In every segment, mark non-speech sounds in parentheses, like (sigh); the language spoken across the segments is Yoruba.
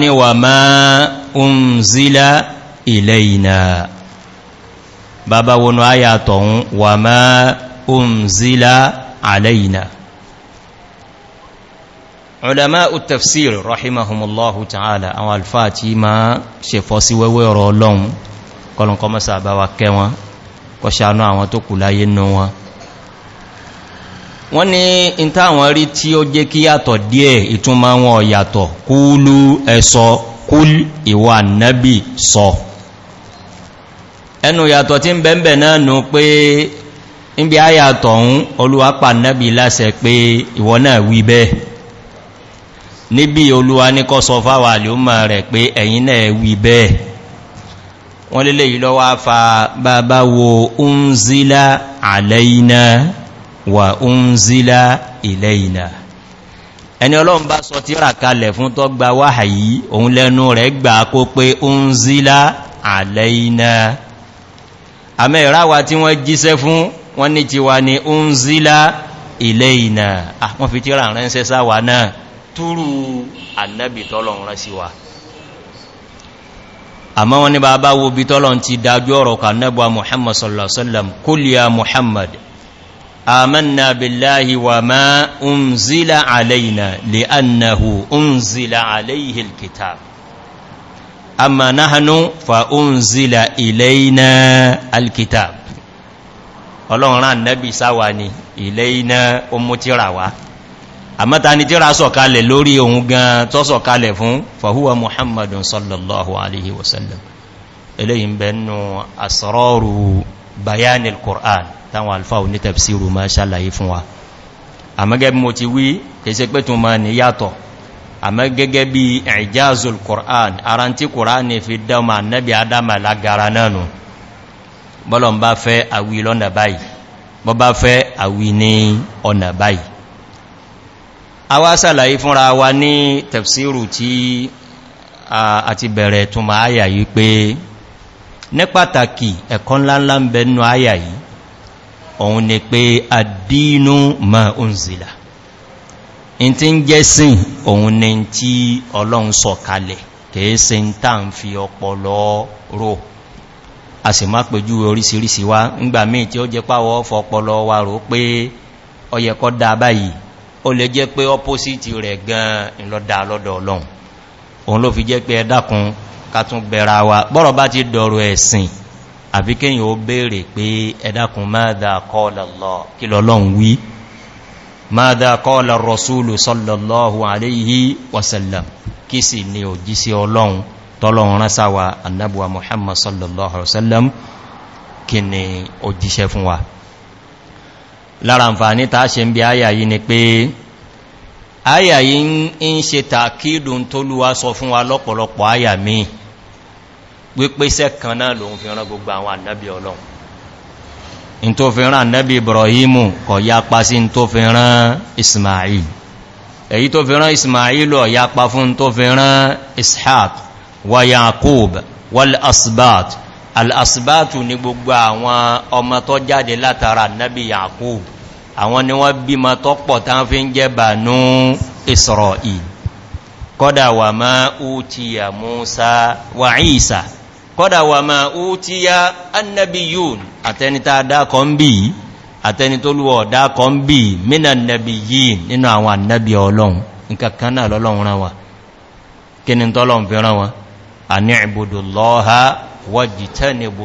ni wà máa ń zílá ilẹ̀ ìnà bàbá wọnú ayàtọ̀ ń wà máa ń zílá alẹ́ ìnà ọ̀dàmá utafsir rahimahumullahu ta'ala àwọn alfa tí ma ṣe fọ́ sí wẹ́wẹ́ ọ̀rọ̀ ọlọ́run kọlùnkọmọ́sà bá wa kẹwọn kọ ṣàánú àwọn tó kù láyé nù wọ́n ní ìta àwọn rí tí ó jẹ́ kí yàtọ̀ díẹ̀ ìtúnmà wọn yàtọ̀ kúlú ẹ̀sọ kúl ìwà nábì sọ ẹnu yàtọ̀ tí ń bẹ̀m̀bẹ̀ náà nù pé níbi ayàtọ̀ ń olúwapà nábì lásẹ̀ pé ìwọ náà wí bẹ́ẹ̀ níbi olúwa ní kọ́ sọ fáwà rẹ̀ pé ẹ̀yìn náà wí bẹ́ẹ̀ wọ́n lélẹ̀ yìí lọ́wọ́ fa bàbá wo ń zílá àlẹ́ iná wà ń zílá ilẹ̀ ìnà ẹni ọlọ́run bá sọ tíra kalẹ̀ fún tó gba wáhà yìí òun lẹ́nu rẹ̀ gbà kó pé ń zílá àlẹ́ ìnà àmẹ́ ìráwà tí wọ́n jíṣẹ́ fún wọ́n ní ti wà ní ń zílá ilẹ̀ ìnà wọ́n fi tíra ránṣẹ́ sáwà náà túrù àmọ́ wọn ni bàbá wo bí tọ́lọ̀n ti dájú ọ̀rọ̀ kan nẹ́bà muhammad sallallahu alaihi wasallam kúlìyà muhammad آمنا بالله وما أنزل علينا لأنه أنزل عليه الكتاب أما نحن فأنزل إلينا الكتاب ọlọ́run rán nẹ́bì sáwà ni ilé iná ó mú tíra wá àmọ́ta ni tíra sọ̀kalẹ̀ lórí ohun gan tó sọ̀kalẹ̀ fún fàhúwa muhammadun sallallahu alaihi wasallam eléyìn bẹ̀ẹ́nu asọ́rọ̀rù bayan al-qur'an táwọn alfa ò ní tafsiru ma ṣàlàyé fún wa àmọ́gẹ́ bí mo ti wí kèsẹ́ pé tún ma ní yàtọ̀ àmọ́gẹ́gẹ́ bí i'jazul qur'an ara tí qur'an fi dáma nẹ́bí adama lágara náà nù bọ́lọ̀ bá fẹ́ àwí lọ́nà báyìí bọ́ bá fẹ́ àwí ní ọ̀nà báyìí a wá sàlàyé fúnra wa ní tafsiru tí a ti bẹ̀rẹ̀ tún ma áyà yìí pé ní pàtàkì ẹ̀kọ́ ńláńlá ń bẹnu ayà yìí òun ni pé àdínú ma ń zìlà in ti ń jẹ́ òun ni tí ọlọ́run sọ kalẹ̀ kìí ń tàà ń fi ọpọlọ rò a sì má pẹ̀jú orísìírísì wá ńgbà míì tí ó pàwọ́ wa rò pé báyìí ó lè jẹ́ pé rẹ̀ gan-an lọ́dọ̀ kàtún bẹ̀rà wa bọ́rọ̀ bá ti dọ̀rọ̀ ẹ̀sìn àbí kíyàn ó bèèrè pé ẹ̀dàkùn máàdà kọ́ọ̀lọ̀ rọ̀súlù sọ́lọ̀lọ́hù àléhì wàsàlàm kí sì ni òjísí ọlọ́run tọ́lọ̀run ránsáwà annabuwa muhammad sallallahu ala'uwasallam kí ni òjíṣẹ́ fún wa lára ǹfàní ta ṣe ń bí ayayi ni pé ayayi ń ṣe tàkídùn tó lúwa sọ fún wa lọ́pọ̀lọpọ̀ ayayi wípé sẹ́kàn náà lòun fi rán gbogbo àwọn ànábì ọlọ́run in tó fi rán ànábì ibrahimu kọ̀ yapa sí in tó fi rán ismail èyí tó fi rán ismail ọ̀ yapa fún tó fi rán ishaq wa yakub wal asbat al asbatu ni gbogbo àwọn ọmọ tó jáde látara ànábì yakub àwọn ni wọ́n bímọ tó pọ̀ tán fi ń jẹ́ kọ́dà wà máa ó ti yà musa wà ìsà kọ́dà wà máa ó tí annabi yún àtẹnita dákọ̀ ń bí àtẹnitolúwọ̀ dákọ̀ ń bí mínà nabi yìí nínú àwọn annabi ọlọ́run nkankan náà lọ́lọ́run rán wa kí tọ́lọ́run fi rán wa a ní ìbòdó lọ́ha wọ́jì tẹ́nibò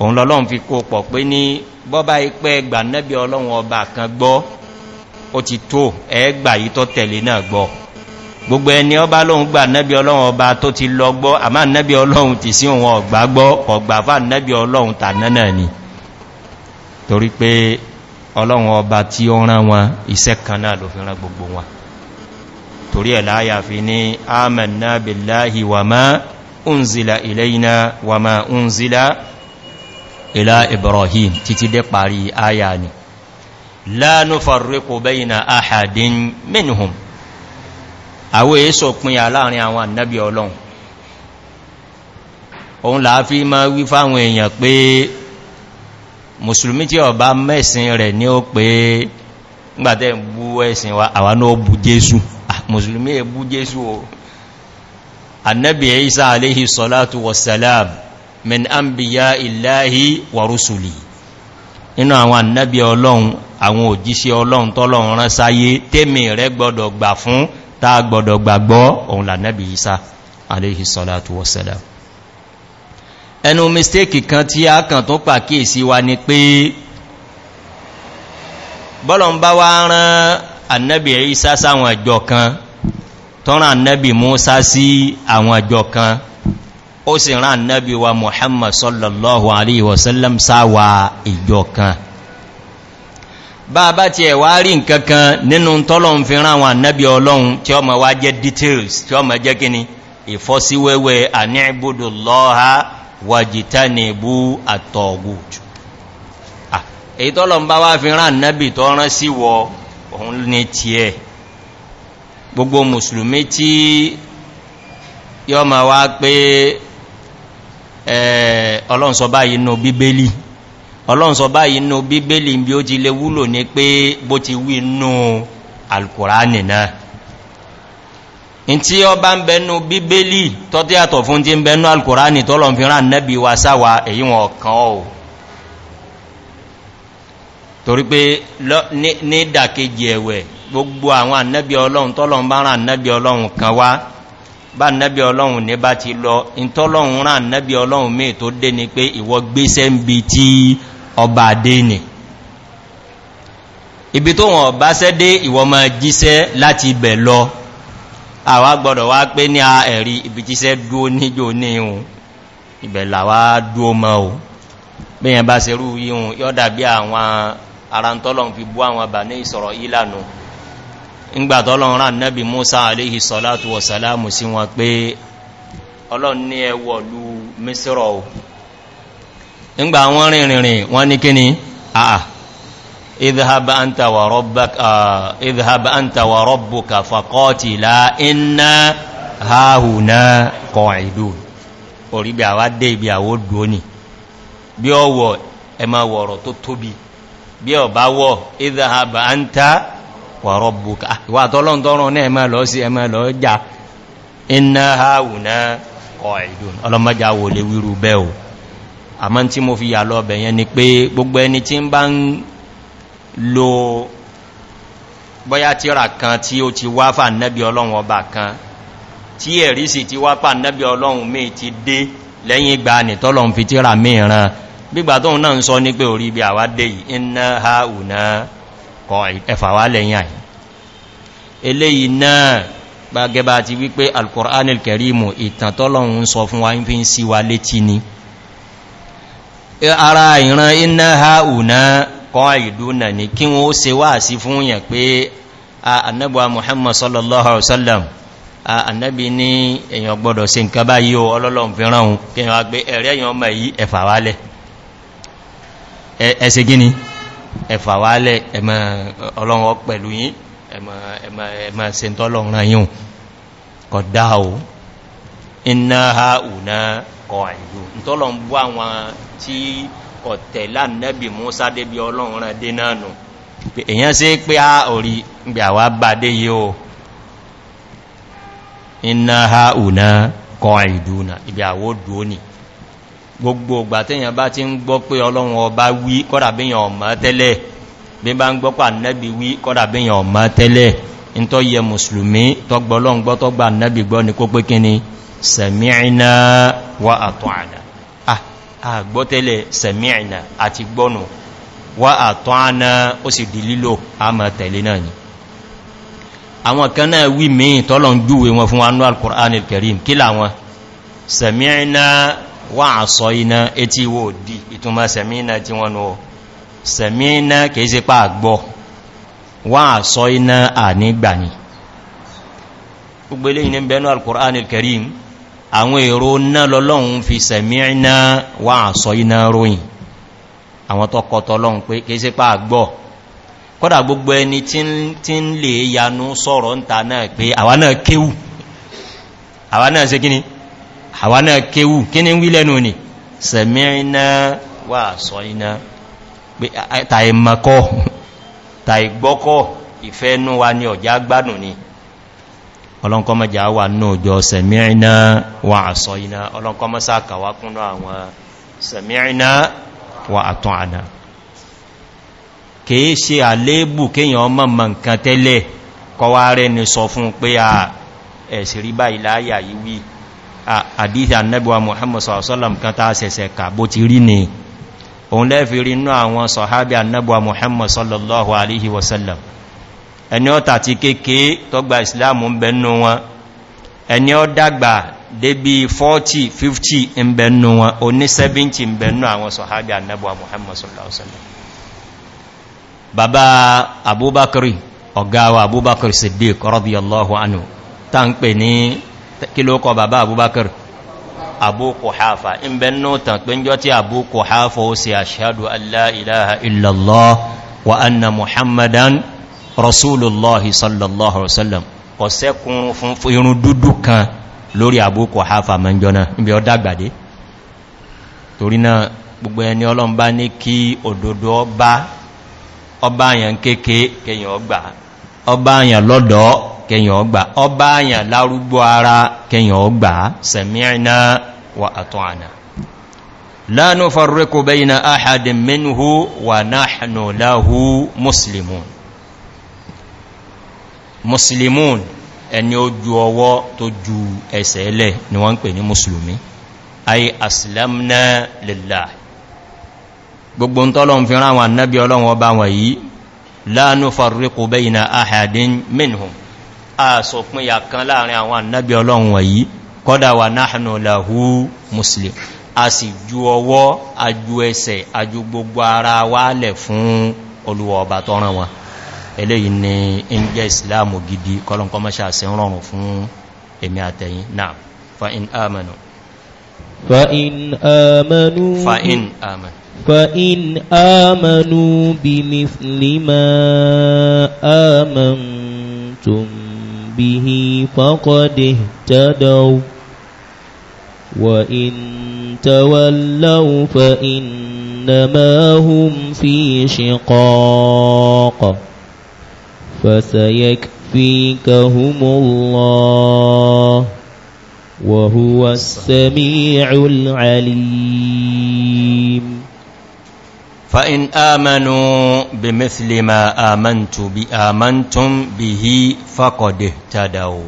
òun lọ́lọ́run fi kó pọ̀ pé ní bọ́bá ipẹ́ ẹgbà nẹ́bí ọlọ́run ọba kan gbọ́ ó ti tó ẹgbà yìí tọ́ tẹ̀lé náà gbọ́ gbogbo ẹni ọba lóhun gbà nẹ́bí ọlọ́run ọba tó ti lọ gbọ́ àmá nẹ́bí ọlọ́run ti sí òun ọ̀gbà gbọ́ ọ̀gbà fà nẹ́bí ọlọ́run tàná náà ni torí pé ọlọ́run ọba tí ó rán wọn iṣẹ́ kan náà ló fi rán gbogbo wọn torí ẹ̀ láyà fi ní amẹ́nà bèláhì wà máa ń zìlà ilẹ̀ iná wà ilá ibrahim títí dé parí ayà ni lánú farriqu bayna ahadin minhum àwọn èso pín aláàrin àwọn annabi ọlọ́run òun láàfí ma wí fáwọn èèyàn pé musulmi tí ọba mẹ́sìn rẹ̀ ní ó pé ngbàtẹ́ bú ẹ̀sìn wa àwà náà bú jésù ah, musulmi è bú jésù o annabi isa aléhì sọ́látù wasalam min ambiya illahi wa rusuli nínú àwọn annabi ọlọ́run àwọn òjíṣẹ́ ọlọ́run tọ́lọ́run rán sáyé tèmi rẹ gbọdọ̀ gbà fún tá gbọdọ̀ gbàgbọ́ òun lànàbì isa aléhì sọ́látù wọ́sẹ̀lá ẹnu mistake kan tí a kàn tó pàkíyèsí wa ni pé bọ́lọ̀ ń bá wá rán annabi isa sáwọn ẹjọ́ kan tọ́rọ annabi musa sí àwọn ẹjọ́ kan ó sì rán annabi wa muhammad sallallahu alaihi wasallam sáwà ìjọ kan bá bá ti ẹ̀wà rí nkankan nínú tọ́lọ̀un fi rán àwọn annabi ọlọ́run tí ó ma wá jẹ́ details tí ó ma jẹ́ kíni ìfọ́síwẹ́wẹ́ àní ìbúdó lọ́ha wàjítà ní àtọ̀gùjù ọlọ́nsọ báyìí nù bíbélì ọlọ́nsọ báyìí nù bíbélì bí ó ti lè wúlò ní pé bó ti wí nù alkùránì náà in tí ọ bá ń bẹnu bíbélì tọ́ tí àtọ̀ fún ti ń bẹnu alkùránì wa sáwà kan gbogbo bá nẹ́bí ọlọ́run ní bá ti lọ ìntọ́lọ́run rán nẹ́bí ọlọ́run mé tó dé ni pé ìwọ gbéṣẹ́ ń bi tí ọba àdé nì ibi tó wọn bá sẹ́dé ìwọ ma jíṣẹ́ láti ibẹ̀ lọ àwá gbọ́dọ̀ wá pé ní a ẹ̀rí ibi jíṣẹ́ dúó níjò ní ihun ibẹ̀ làwá dúó mọ́ o bẹ́yẹn bá serú ihun yọ́dà bí àwọn arantọ́lọ́run fi bú àwọn bà ní ìsọ̀rọ̀ ìlànà ìgbàtọ̀ ọlọ́run rán nẹ́bì musa aléhì sọ́látù wọ̀sálàmù sí wọn pé ọlọ́run ní ẹwọ̀lú mísírọ̀ o ìgbà wọn rìnrìnrìn wọn ní kíni àà ìdhàbà àntàwà rọ́bùkà fàkọ́tì láìná háhùná kọ̀ ìdú orí bí àwá dé ibi àwó dúónì bí ọwọ̀ ẹmà wà rọ́bù ìwà àtọ́lọ́ntọ́rọ̀ náà ẹmọ́ lọ sí ẹmọ́ lọ jà iná haùná ọ̀ẹ̀dùn ọlọ́mọ́já wò lè wírú bẹ́ o àmọ́ tí mo fi yà lọ bẹ̀yẹn ni pé gbogbo ẹni tí ń bá ń lo bọ́yá tíra kan tí ó ti wá fà nẹ́bí ọlọ́run ọba kan tí ẹ̀rí sì ti wá fà nẹ́bí ọlọ́run mẹ́ ti dé lẹ́yìn ìgbà nìtọ́lọ̀ ń fi tíra mìíràn gbígbà tóun náà ń sọ ní orí ibi àwádé yìí iná haùná kọ ẹfà wà lẹ́yìn àyí eléyìí náà gbagẹba ti wípé alkùránì kẹrìmù ìtàn tọ́lọ̀un sọ fún wa ń fi ń sí wa létí ni ara ìran iná ha ùná kọ́ ìdúnà ní kí wọ́n se wá sí fún yẹn pé annabuwa muhammad sallallahu alaihi wasallam annabi ní èyàn gbọdọ̀ sí nǹkan bá yíò ọlọ́lọ́n fi ránun kí wọ́n gbé ẹ̀rẹ́ èyàn ọmọ yí ẹ̀fà wálẹ̀ ẹ̀ẹ́sẹ̀ ẹ̀fà wálẹ̀ ẹ̀mọ̀ ọlọ́run pẹ̀lú yí ẹ̀mọ̀ sentọ́lọ́run yíò kọ̀dá o iná ha ùná kọ àìlú ìtọ́lọ̀ ń bú àwọn tí ọ̀tẹ̀ lánàbì mú sádébí ọlọ́run rẹ̀ dé náà nù èyàn sí pé á orí gbé àwá bá dé iná gbogbo ìgbà tẹ́yàn bá ti ń gbọ́ pé ọlọ́run ọba wí kọ́dà bíyàn ọmọ tẹ́lẹ̀ bí bá ń gbọ́ pà nẹ́bí wí kọ́dà bíyàn ọmọ tẹ́lẹ̀ in tó yẹ musulmi tọgbọ́lọ́ngbọ́ tọgbà nẹ́bí gbọ́ ní kó pé kí ni sẹ̀mìnà wà àtọ́ànà àgbọ́tẹ́lẹ̀ ah, sẹ̀mìnà àti gbọ́nù wà àtọ́ànà ó sì di wà àsọ iná etí ìwò òdí ìtumọ̀ sẹ̀mínà tí wọ́n náà sẹ̀mínà kìí sí pà gbọ́ wà àsọ iná ànígbàní gbogbo ní bẹnu alkùránì kẹrìm àwọn èrò náà lọ́lọ́run fi sẹ̀mínà wà àsọ iná ròyìn àwọn tọ́kọtọ́ lọ́run pé kìí sí pà gbọ́ kọ́dà gbogbo àwà náà kéwù kí ní wí lẹ́nu ni sẹ̀mí iná wà sọ iná tàì mọ́kọ́ tàì gbọ́kọ́ ìfẹ́ nú wa ní ọ̀já gbádùn ni ọlọ́nkọ́mọ́já wà náà jọ sẹ̀mí iná wà sọ iná ọlọ́nkọ́mọ́ sáàkàwà kúnnú àwọn sẹ̀mí iná ẹ̀sìrí báyìí láyà yìí wí àdíthà nẹ́bùwa muhammad sallam kan ta sẹ̀sẹ̀ ka bó ti rí ni òun lẹ́fì rí inú àwọn sọ̀hábí nẹ́bùwa muhammad sallallahu alaihi wasallam ẹni ọ tàti kéèké tọ́gbà islamu ń bẹnu wọn ẹni ọ dàgbà débi 40 50 ń bẹnu wọn o ní 70 ń bẹnu àwọn sọ̀hábí nẹ́bùwa muhammad sallallahu alaihi wasallam bàbá abubakar ọ̀gáwà abubakar siddiq radiyallahu anhu ta ń pè kí ló kọ bàbá abubakar abu kuhafa in bẹ nù tàn pé jọ tí abu kuhafa ó sì aṣáàdù aláìláha illallah wa anna muhammadan rasulullahi sallallahu ala'uwasallam kọ sẹ́kùnrún fún irun dúdú kan lórí abu kuhafa manjọ́nà ibi ọ dágbàdé torí náà gbogbo ẹni ọlọ́mbá ní kí òdòdó ọba ọba àyàn kéèkéé kẹyàn ọgbà ọba àyàn lọ́dọ̀ọ́ kẹyàn ọgbà ọba àyàn lárúgbó ara kẹyàn ọgbà sẹ̀mìnà wà àtọ́ ànà lánú farúrékò bẹ́yìnà áhàdìn mẹ́nuhu wà náà láhú muslimun muslimun ẹni ojú ọwọ́ tó ju ẹsẹ̀ ẹlẹ̀ ni wọ́n ń pè ní musulmi ayi aslamna lillah gbogbo ń tọ́lọ̀ ń fi ránwà ọlọ́run ọba wọ̀nyí lánú farúrékò bẹ́yìnà áhàdìn mẹ́nuhu àsòpinya kan láàrin àwọn annabi ọlọ́run wọ̀nyí kọ́dà wà náhànà làhú muslim a sì ju ọwọ́ ajú ẹsẹ̀ ajú gbogbo ara wálẹ̀ fún olùwọ̀ ọba tọ́ran wọn eléyìí ni in jẹ́ islamu gidi kọlọ̀nkọ́ mọ́ṣà sí rọrùn fún èmì àtẹ̀yìn به فقد اهتدوا وإن تولوا فإنما هم في شقاق فسيكفيكهم الله وهو السميع العليم فإن آمنوا بمثل ما آمنت بآمنتم به فقد اهتدوا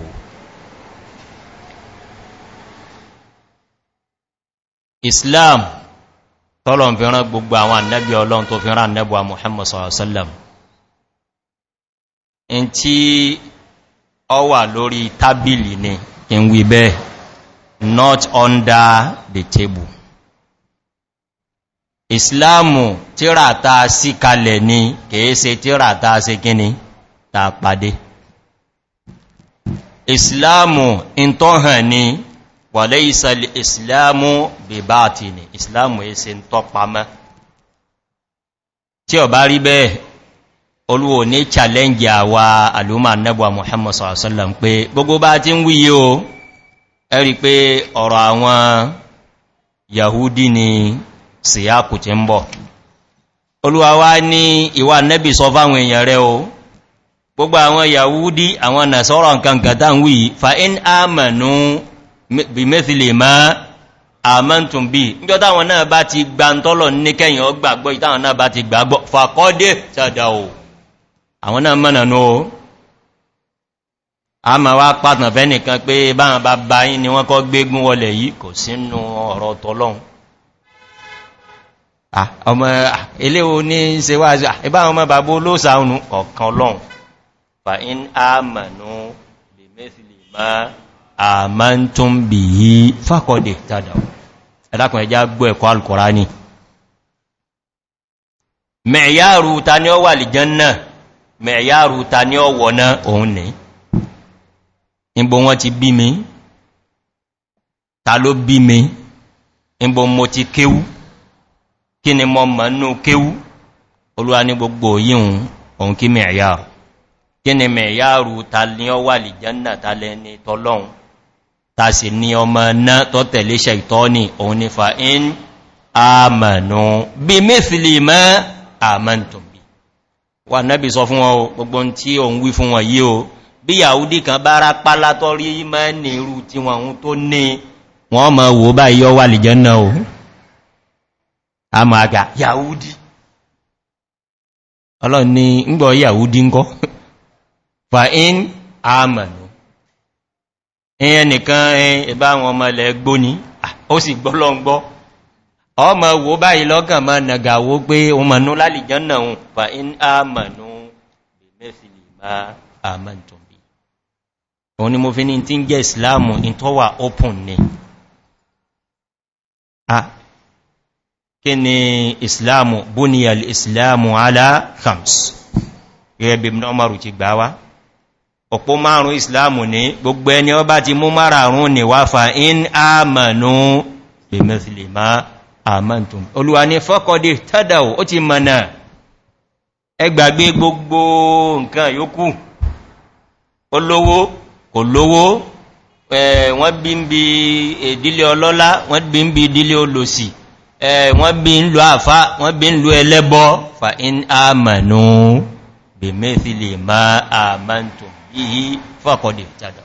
Islam tọ́lọ̀ fi rán gbogbo àwọn annabi ọlọ́run tó fi rán annabuwa Muhammad sallam in tí ọ wà lórí tábìlì ni in wí bẹ́ẹ̀ not under the table ìsìláàmù tíràtà sí kalẹ̀ ni kìí se tíràtà sí kíni ta pàdé ìsìláàmù ìntọ́hàn ni wàlé ìsàlẹ̀ ìsìláàmù bèbáàtì ni ìsìláàmù èsè ń tọ́pamọ́ tí ọ bá rí bẹ́ẹ̀ olúwo ní challenge àwà alúmà nẹ́bà muhammad sallam gbogbo bá ti ń wíye pe ẹ̀rí pé ọ̀rọ̀ àwọn yahudi ni síyákù ti ń bọ̀ olúwa wá ní ìwà nẹ́bì sọ fáwọn èèyàn rẹ o gbogbo àwọn yahudi àwọn nàṣọ́rọ̀ nǹkan gàdá ń wí fa in amanu bí mẹ́sìlè máa àmọ́ntùn bí níjọ́ táwọn náà bá ti gba ń tọ́lọ̀ ní kẹ́yìn ọgbàgbọ́ ìtàwọn náà bá ti gbàgbọ́ fàkọ́dé sàdà ò àwọn náà a ma wá pàtàkì fẹ́ nìkan pé báwọn bá báyín ni wọ́n kọ́ gbégún wọlẹ̀ yìí kò sínú ọ̀rọ̀ tọ́lọ́hun ọmọ ilé o ní ṣe wá ṣe ìbá ọmọ bàbá olóòsàánù ọ̀kan lọ́n fa in àmànú bí mẹ́sìlì má àmà ń tún bí yí fàkọ̀dẹ̀ tàdà ẹ̀dàkùn ẹjá gbọ́ ẹ̀kọ́ alùkọ̀rá ní mẹ̀yàrù ta ní ọ wà lè jẹ́ náà kí ni mọ mọ̀ nú kéwú olúwa ní gbogbo yíhun òun kí mẹ̀yàrù kí ni mẹ̀yàrù ta ní ọ wà lè jẹ́nà ta lẹ ní tọ́lọ́un ta sì ní ọmọ náà tọ́ tẹ̀lé ṣe ìtọ́ni òun ní fa in àmànú bí mẹ́fìlì mọ́ àmàntùnbí wà náàbì sọ fún wọn gbogbo tí òun wí fún wọn yí o bí yàúdí kan bá rá pálátọ́rí mọ́ nìrú tí wọn tó ní wọ́n mọ̀ wò báyí ọ wà lè jẹ́nà òun a máa gà yàúdí ọlọ́run ni ń gbọ́ yàúdí ń kọ́ fa in àmànù ìyẹn nìkan ẹbá ọmọ ilẹ̀ gbóní ah, ó sì ọmọ wo báyìí lọ́gàn ma nàgàwó pé ọmọnú lálìjọ́ náà fa in ma àmàntùn òun ni mo fi ní tí ń jẹ́ ìsìláàmù ìtọ́wà open ni ah, kí ni islamu bóníyà islamu ala khams gẹ́gẹ́ bí mọ́rù ti gbá wá ọ̀pọ̀ márùn-ún islamu ní gbogbo ẹni ọ bá ti mú márùn-ún ni wá fa in amanu bí mẹ́fìlìmá amantum olúwa ni fọ́kọ́dé tádàwó ó ti mọ̀nà ẹgbàgbé gbogbo nǹkan yókù olówó kò wọ́n bí ń bí ìdílé ọlọ́lá wọ́n bí ń bí ìdílé olósì wọ́n bí ń lo àfá wọ́n bí ń lo ẹlẹ́bọ́ fa in àmànú bè mẹ́fìlè má àmàntò yìí fọ́kọ̀dẹ̀ jádà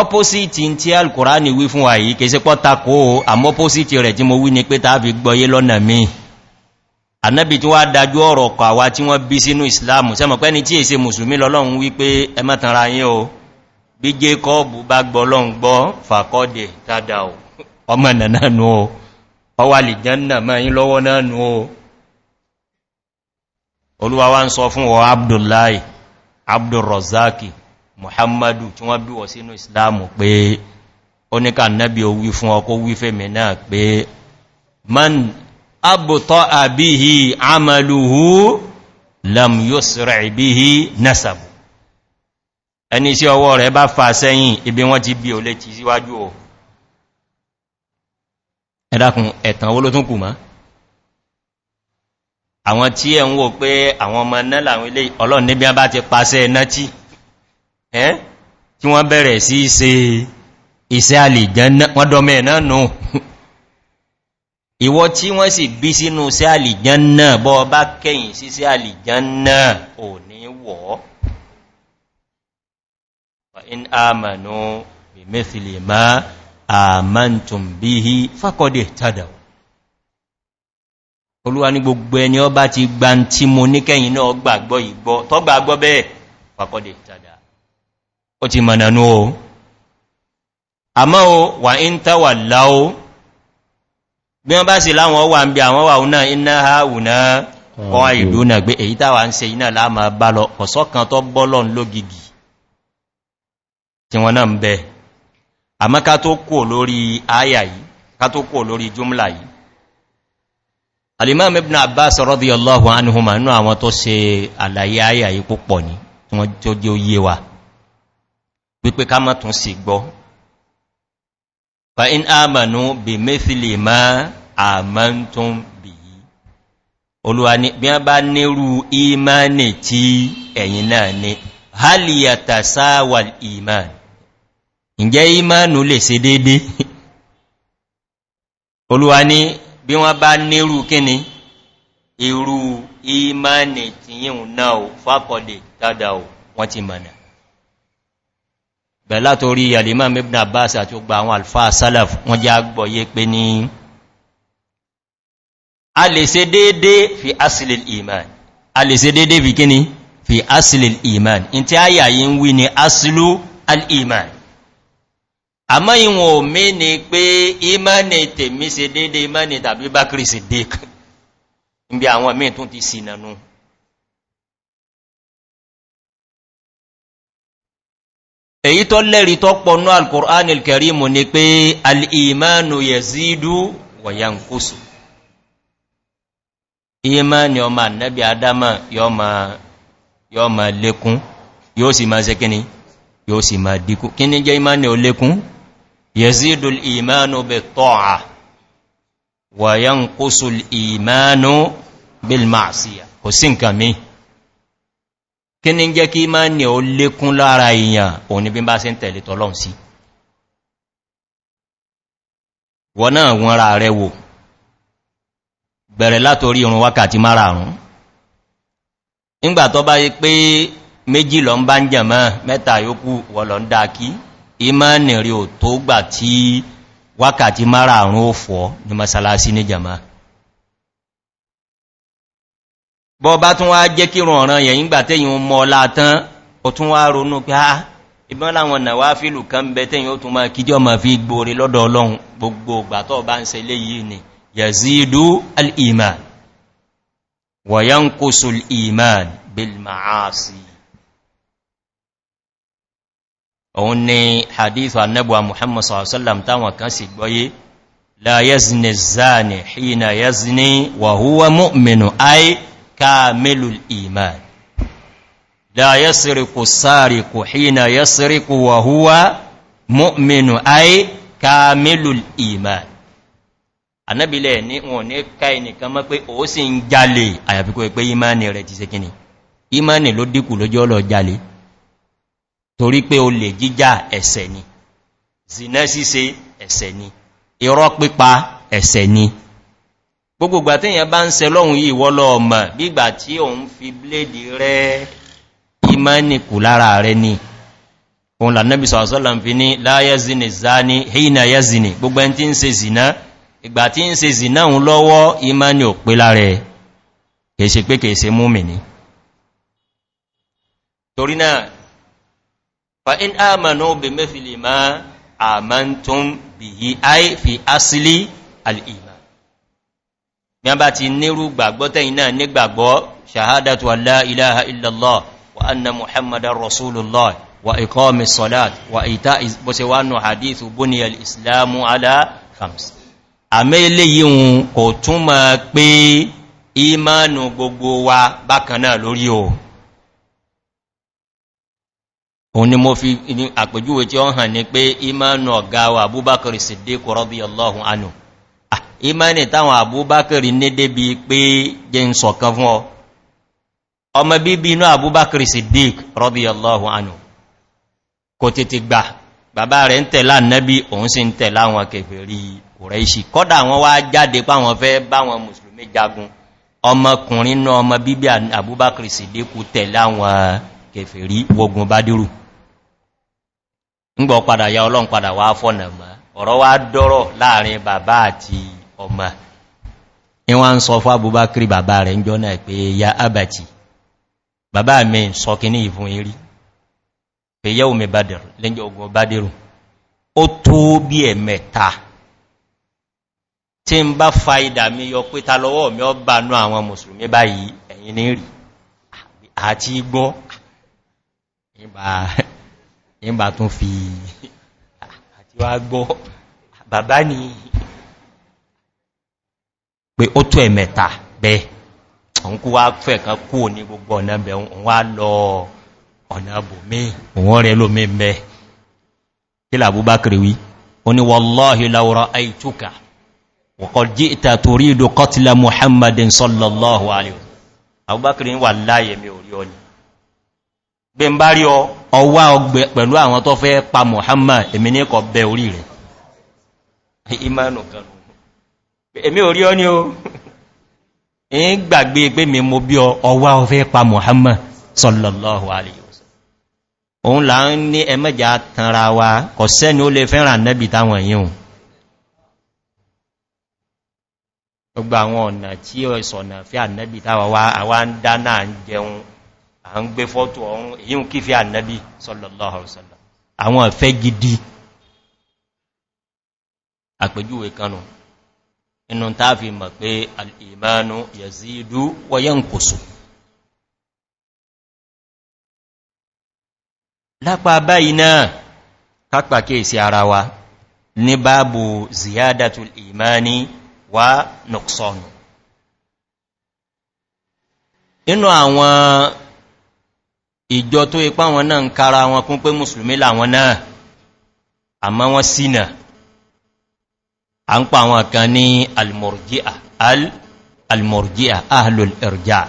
opposite in tí alkùránì wí fún àyí kèsí pọ́tàkó àmọ́ opposite rẹ̀ tí mo wí ni pé tàbí gbọ́yé lọ́nà míì ànábì tí wá dájú ọ̀rọ̀ ọkọ̀ àwá tí wọ́n bí sínú ìsìláàmù sẹ́mọ̀ pẹ́ni tí èsè mùsùlùmí lọ́lọ́run wípé ẹmọ́tanra yín o bí jacobu bá gbọ́lọ́n gbọ́ fàkọ́dẹ̀ tàdà ò ọmọ nànà nù ó ọwà lè jẹ́nà máa yí lọ́wọ́ náà nù ó olúwa wá ń sọ fún ọ abdullahi abdulrozaki muhammadu tí wọ́n bí wọ sínú islamu pé oníkà nábi o fún ọkọ̀ wí fẹ́mì náà pé man abutọ́ àbíhì amaluhu lam yóò sírẹ̀ bíhì nasabu ẹni sí ọwọ́ rẹ̀ bá fà sẹ́yìn ibi wọ́n ti bí olè ti síwájú ọ̀ ẹ̀dàkùn ẹ̀tàn owó ló tún kù má àwọn tí ẹ̀ ń wò pé àwọn ọmọ náà làwọn ilé ọlọ́run níbi a bá ti pàṣẹ ẹ̀nà tí ẹ́ kí wọ́n bẹ̀rẹ̀ sí ṣe iṣẹ́ àlìjẹ́nà ìwọ tí wọ́n sì bí sínú iṣẹ́ àlìjẹ́nà bọ́ bá kẹ́yìn sí iṣẹ́ àlìjẹ́nà ò ní wọ̀ọ́ in amanu bi mithli ma amantum bihi fakode tada olúwa ní gbogbo ẹni ọba ti gba tí mo ní kẹ́yìn náà gbàgbọ́ ìgbọ́ tó gbàgbọ́ bẹ́ẹ̀ fakode tada ó ti mọ̀ nánú o àmọ́ o wà ń tàwà láó bí wọ́n bá sì láwọn wà ń bí àwọn wà náà iná kọ́ ìlú náà gbé èyí tàwà ń se iná láàmà bá lọ ọ̀sọ́ kan tó bọ́lọ̀ lógigi tí wọn náà ń bẹ àmọ́ ká tó kò lórí ayà yìí ká tó kò lórí jùmlà yìí alimam ibn abbas rọ́dí ọlọ́hun anuhuma inú àwọn tó se àlàyé ayà yìí púpọ̀ ní tí wọ́n tó jẹ́ oyé wa wípé ká mọ́ tún sì gbọ́ fa'in amanu bi mẹ́fìlì ma imani tí ẹ̀yìn náà ni haliyata sáwàl imani ǹjẹ́ ìmánu lè ṣe dédé olúwa ní bí wọ́n bá nírú kíni irú ìmáni tí yíò náà ò fákọ̀dẹ̀ dada ò wọ́n ti mọ̀nà bẹ̀lá torí alìmá mẹ́bìnà báṣà àti ó àwọn alfa salaf wọ́n já gbọ́yé pé ní a lè ṣe dédé fi asilil iman a lè ṣe dédé fi kíni fi asilil iman in tí a ń wí ni asilu al iman àmọ́ ìwọ̀n omi ni pé imani tèmi se dédé imani tàbí bákìrì sí dèk níbi àwọn mí tún ti sí nanú èyí tó lẹ́rí tó pọnú alkùránì kẹrìmù ni pé al'imánu yẹ zídú wọ̀yànkóso imani ọmọ annabi adama yọ ma lékún yóò sì ma ṣe yóò sì ma díkú kíni jẹ́ imani olékún يزيد الإيمان بالطاعة وينقص الإيمان بالمعصية حسين كمي kíni ń jẹ́ kí máa ní ó lékún lára èèyàn òun ni bí bá sí ń tẹ̀lé tọ́lọ́n sí wọ́n náà wọ́n ra rẹ̀ wò bẹ̀rẹ̀ látorí irun wákàtí márààrún nígbàtọ́ bá yí pé méjì lọ ń bá ń jẹ̀mọ́ mẹ́ta yókù wọ́n lọ ń dáa kí ìmáni rí ò tó gbà tí wákàtí mara àrùn ó fọ́ ní masalasi ní jama bọ́ bá tún wá jẹ́ kírùn ọ̀ràn yẹ̀yìn gbà tẹ́yìn mọ́ látán ó tún wá ronú pé á ah, ìbọn láwọn nà wá fílù kan bẹ tẹ́yìn ó tún máa kíjọ́ ma fi gbóre lọ́dọ̀ ọlọ́run gbogbo ògbà tọ́ bá ń se léyìí ni yazidu al-iman wọ̀yán kó iman bil ma'asi òun ni hadithu annabuwa muhammad sallam táwọn kan sì gbọ́yé la yazni zani hina yazni wa huwa mu'minu ai kamilul iman la yasriku sariku hina yasriku wa huwa mu'minu ai kamilul iman anabile ni won ni kai nikan mo pe o si n jale ayafi ko pe imani re ti se kini imani lo diku lojo lo jale torí pé o lè jíjá ẹ̀sẹ̀ ni zina síse ẹ̀sẹ̀ ni irọ́ pípa ẹ̀sẹ̀ ni gbogbogbà tí èyàn bá ń se lọ́hun yìí wọ́lọ́ ọmọ bígbà tí òun fi bléèdì rẹ ìmọ́nìkù lára rẹ ni òun lànàbì sọ̀sọ́lọ̀ fi ní láyé zini zani hìnà yẹ zini gbogbo ẹni tí zina ìgbà tí zina òun lọ́wọ́ ìmọ́ni ò pé lára torí náà fa in amanu bi mithli ma amantum bihi ay fi asli al-iman bí an bá ti nírú gbàgbọ́ tẹ́yìn náà ní gbàgbọ́ shahadatu alla ilaha illallah wa anna muhammadar rasulullah wa iqami salat wa ita bó hadithu buniya al ala khams àmẹ́ ilé yíhun kò túnmọ̀ pé ìmánu gbogbo wa bákan náà lórí òun ni mo fi àpèjúwe tí ó hàn ní pé imanu ọ̀gáwà abúbákiri sìdé kọ̀rọ̀ bí ọlọ́run anù ah, imani táwọn abúbákiri ní débi pé jẹ ń sọ̀kan fún ọ ọmọ bíbí inú abúbákiri sìdé rọ́bí ọlọ́run anù kò tètè gbà bàbá rẹ̀ ń tẹ̀lá nẹ́bí òun sì ń tẹ̀lá wọn kèfèrí jagun ọmọkùnrin náà ọmọ bíbí abúbákiri sìdé kù tẹ̀lá wọn kèfèrí wogun ńgbọ̀ padà ya ọlọ́run padà wá fọ́nà mọ́ ọ̀rọ̀ wá dọ́rọ̀ láàrin bàbá àti ọmọ ìwọ́n ń sọ fún abúbákiri bàbá rẹ̀ ń jọ́nà pé ya abàtì bàbá mi sọ kí ní ìfún irí pé yẹ́ omi bádẹ̀rù lẹ́jọ́ ogun bádẹ̀rù ó tó bí ẹ̀mẹ̀ta tí ń bá fa ìdà mi nígbà tó fi àti wá gbọ́ bàbá ni pé ó tó ẹ̀mẹ̀ta bẹ́ òun kú wá fẹ́ kan kú ní gbogbo ọ̀nà bẹ̀ òun wá lọ ọ̀nà bòmí òun rẹ̀ lómi mẹ́ kí làbúbákiri wí ó ní wọ́lọ́hì láwọ́rọ̀ àìtúkà wọ́kọ̀ jí ìta torí ìlú kọtílá muhammadin sallallahu alaihi ọwá ọgbẹ̀ pẹ̀lú àwọn tó fẹ́ pa Muhammad èmì ní kọ bẹ orí rẹ̀ imanu kanu èmì orí ọ ni o èyí gbàgbé pé mi mo bí ọwá ọ pa Muhammad sallallahu alayhi òun là ń ní ẹmẹ́jà tanra wa kọ̀ sẹ́ni ó lè fẹ́ràn nẹ́bì táwọn èyí hùn gbogbo àwọn ọ̀nà tí ọ̀sọ̀nà fí ànẹ́bì táwọn wa àwọn dáná jẹun à ń gbé fọ́tò ọ̀run èyí ń kí fi ànẹ́bí sọ́lọ̀lọ́hàrùsọ́lọ̀ àwọn ìfẹ́ gidi àpèjúwe kanù inú ta fi mọ̀ pé al'imánu yazidu wọ́yẹ́ ń kòsò lápá báyìí náà kápà kéèsì ara wa ní báàbù ziyadatul imani wa nuksonu inú àwọn ìjọ tó ipá wọn náà ń kára wọn kún pé musulmi làwọn náà àmá wọn sínà a ń pa àwọn kan ní almorgia ahlulirja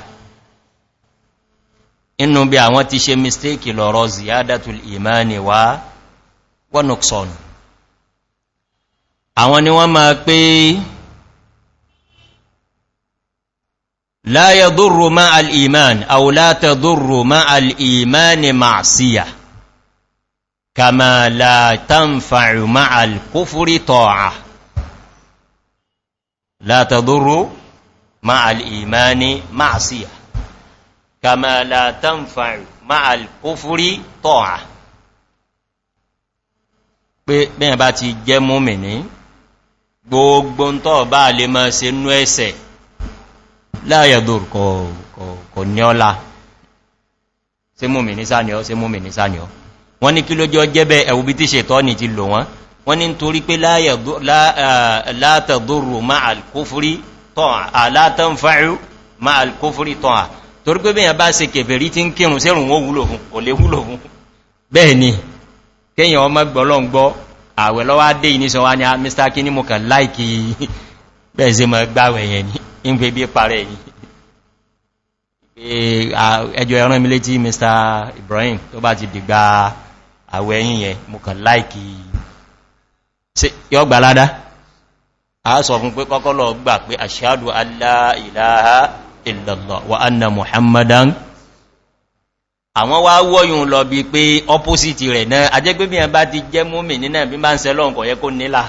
inú bí àwọn ti ṣe mistake lọ́rọ̀ ziyadatul imani wa wọnukson àwọn ni wọ́n máa pé لا يضر مع الإيمان أو لا تضر مع الإيمان معصية كما لا تنفع مع الكفر طاعة لا تضر مع الإيمان معصية كما لا تنفع مع الكفر طاعة بين باتي جمو مني gbogbo ń tọ́ bá lè máa se nú ẹsẹ̀ láyàdùr kò ní ọlá sí múmi ní sáàníọ́ sí múmi ní sáàníọ́ wọ́n ní kí ló jọ jẹ́bẹ̀ ẹ̀wùbí tí ṣe tọ́ni ti lò wọ́n wọ́n ní torí pé látàdùrù ma alkófúrí tọ́ à torí pé bẹ́yàn bá se kèfèrí tí ń kírùn sẹ́rùn ó wúlò fún kò lè wúlò fún bẹ́ẹ̀ ni kéyàn ọmọ gbọ́lọ́ngbọ́ ń fi bí parẹ́ yìí ẹjọ́ ẹran milé tí mr ibrahim tó bá ti dìgbà àwẹ̀ yìí yẹn mú kàn láìkì yọ gbà ládá a sọ fún pé kọ́kọ́lọ̀ gbà pé aṣáàdù aláìláha muhammadan àwọn wá wọ́yùn lọ bí pé opposite rẹ̀ náà ajẹ́gbébìyàn bá ti jẹ́ múmi nínà bí bá ń sẹ lọ́nkọ̀ yẹ kó nílà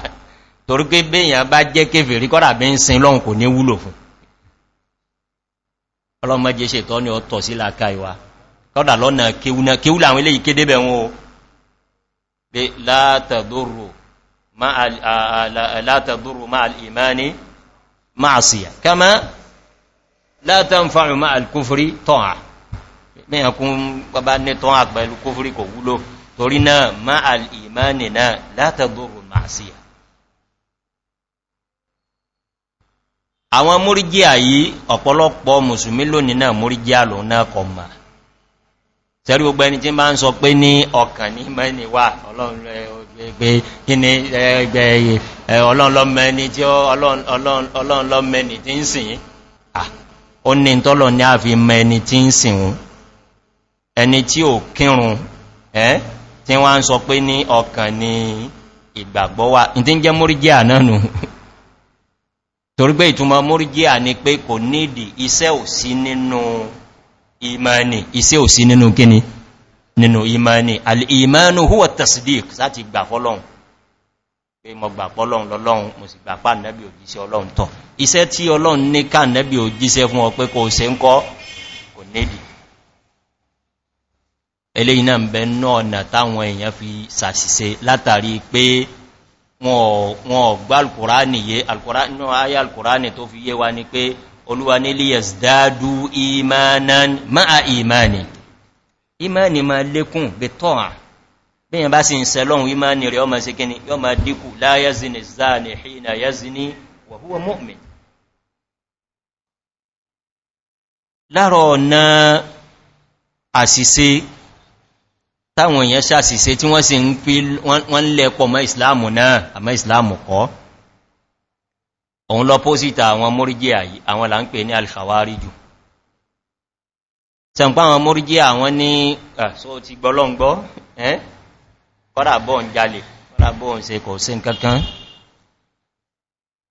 torí pé bá jẹ́ kéfèrí kọ́rà bí ń sin lọ́nkọ̀ ní wúlò fún ọlọ́mọdé ṣe tọ́ ní ọ̀tọ̀ sí láàká ìwà kọ́dà lọ́nà kíúnà kíúlà àwọn ilé ìkéde bẹ̀ wọn o pé látàdúrù máa al'imani máa síyà kama látàǹfààrùn máa alkúfúrí tọ́nà mẹ́yànkún bàbá ní tọ́nà pẹ̀lú kúfúrí kò wúlò torí náà máa al'imani náà látàdúrù máa síyà àwọn múríjíà yìí ọ̀pọ̀lọpọ̀ mùsùlùmí lónìí náà múríjíà lòun náà kọ̀ mà tẹ́rí ẹni tí ma ń sọ pé ní ọkàn ní mẹ́ni wà ọlọ́ọ̀lọ́mẹ́ni tí ń sìn ó ní tọ́lọ̀ ní a fi mẹ́ni tí ń sìn ẹni tí ò kírun tí wọ́n sọ pé ní ọkàn ní ìgbàgbọ́wà (laughs) torí pé ìtumọ̀ mọ́ríjíà ni pé kò nídi iṣẹ́ ò sí nínú imani iṣẹ́ ò sí nínú kíni nínú imani al'imanu huwa tasdik láti gbà fọ́lọ́un pé mọ gbà fọ́lọ́un lọ́lọ́un mo sì gbà pà nẹ́bí òjíṣẹ́ ọlọ́un tọ̀ iṣẹ́ tí ọlọ́un ní ká nẹ́bí òjíṣẹ́ fún ọ pé kò se ń kọ́ kò nídi eléyìn náà ń bẹ náà nà táwọn èèyàn fi sàṣìṣe látàrí pé wọn ò gbá alkùránì yé alkùránì ayé alkùránì tó fi yé wa ni pé olúwa nílé yẹ̀sdádú imanan máa imani imani ma lékún bẹ tọ́à bíyàn bá sì ń sẹlọ́un imani rẹ̀ ọmọ sí kíni yọ ma díkù láyẹ́zini zani hìna yẹ́zini táwọn èèyàn ṣàṣìṣe tí wọ́n sì ń pí wọ́n lẹ́pọ̀ mọ́ ìsìláàmù náà àmọ́ ìsìláàmù kọ́ òun lọ pósítà àwọn mórígí àyí àwọn là ń pè ní alkhawari jù sẹ̀mpá àwọn mórígí àwọn ní àṣó ti gbọ́lọ́ngbọ́ kọ́dàbọ̀ ń jalè kọ́dàbọ̀ ń se kò sí kankan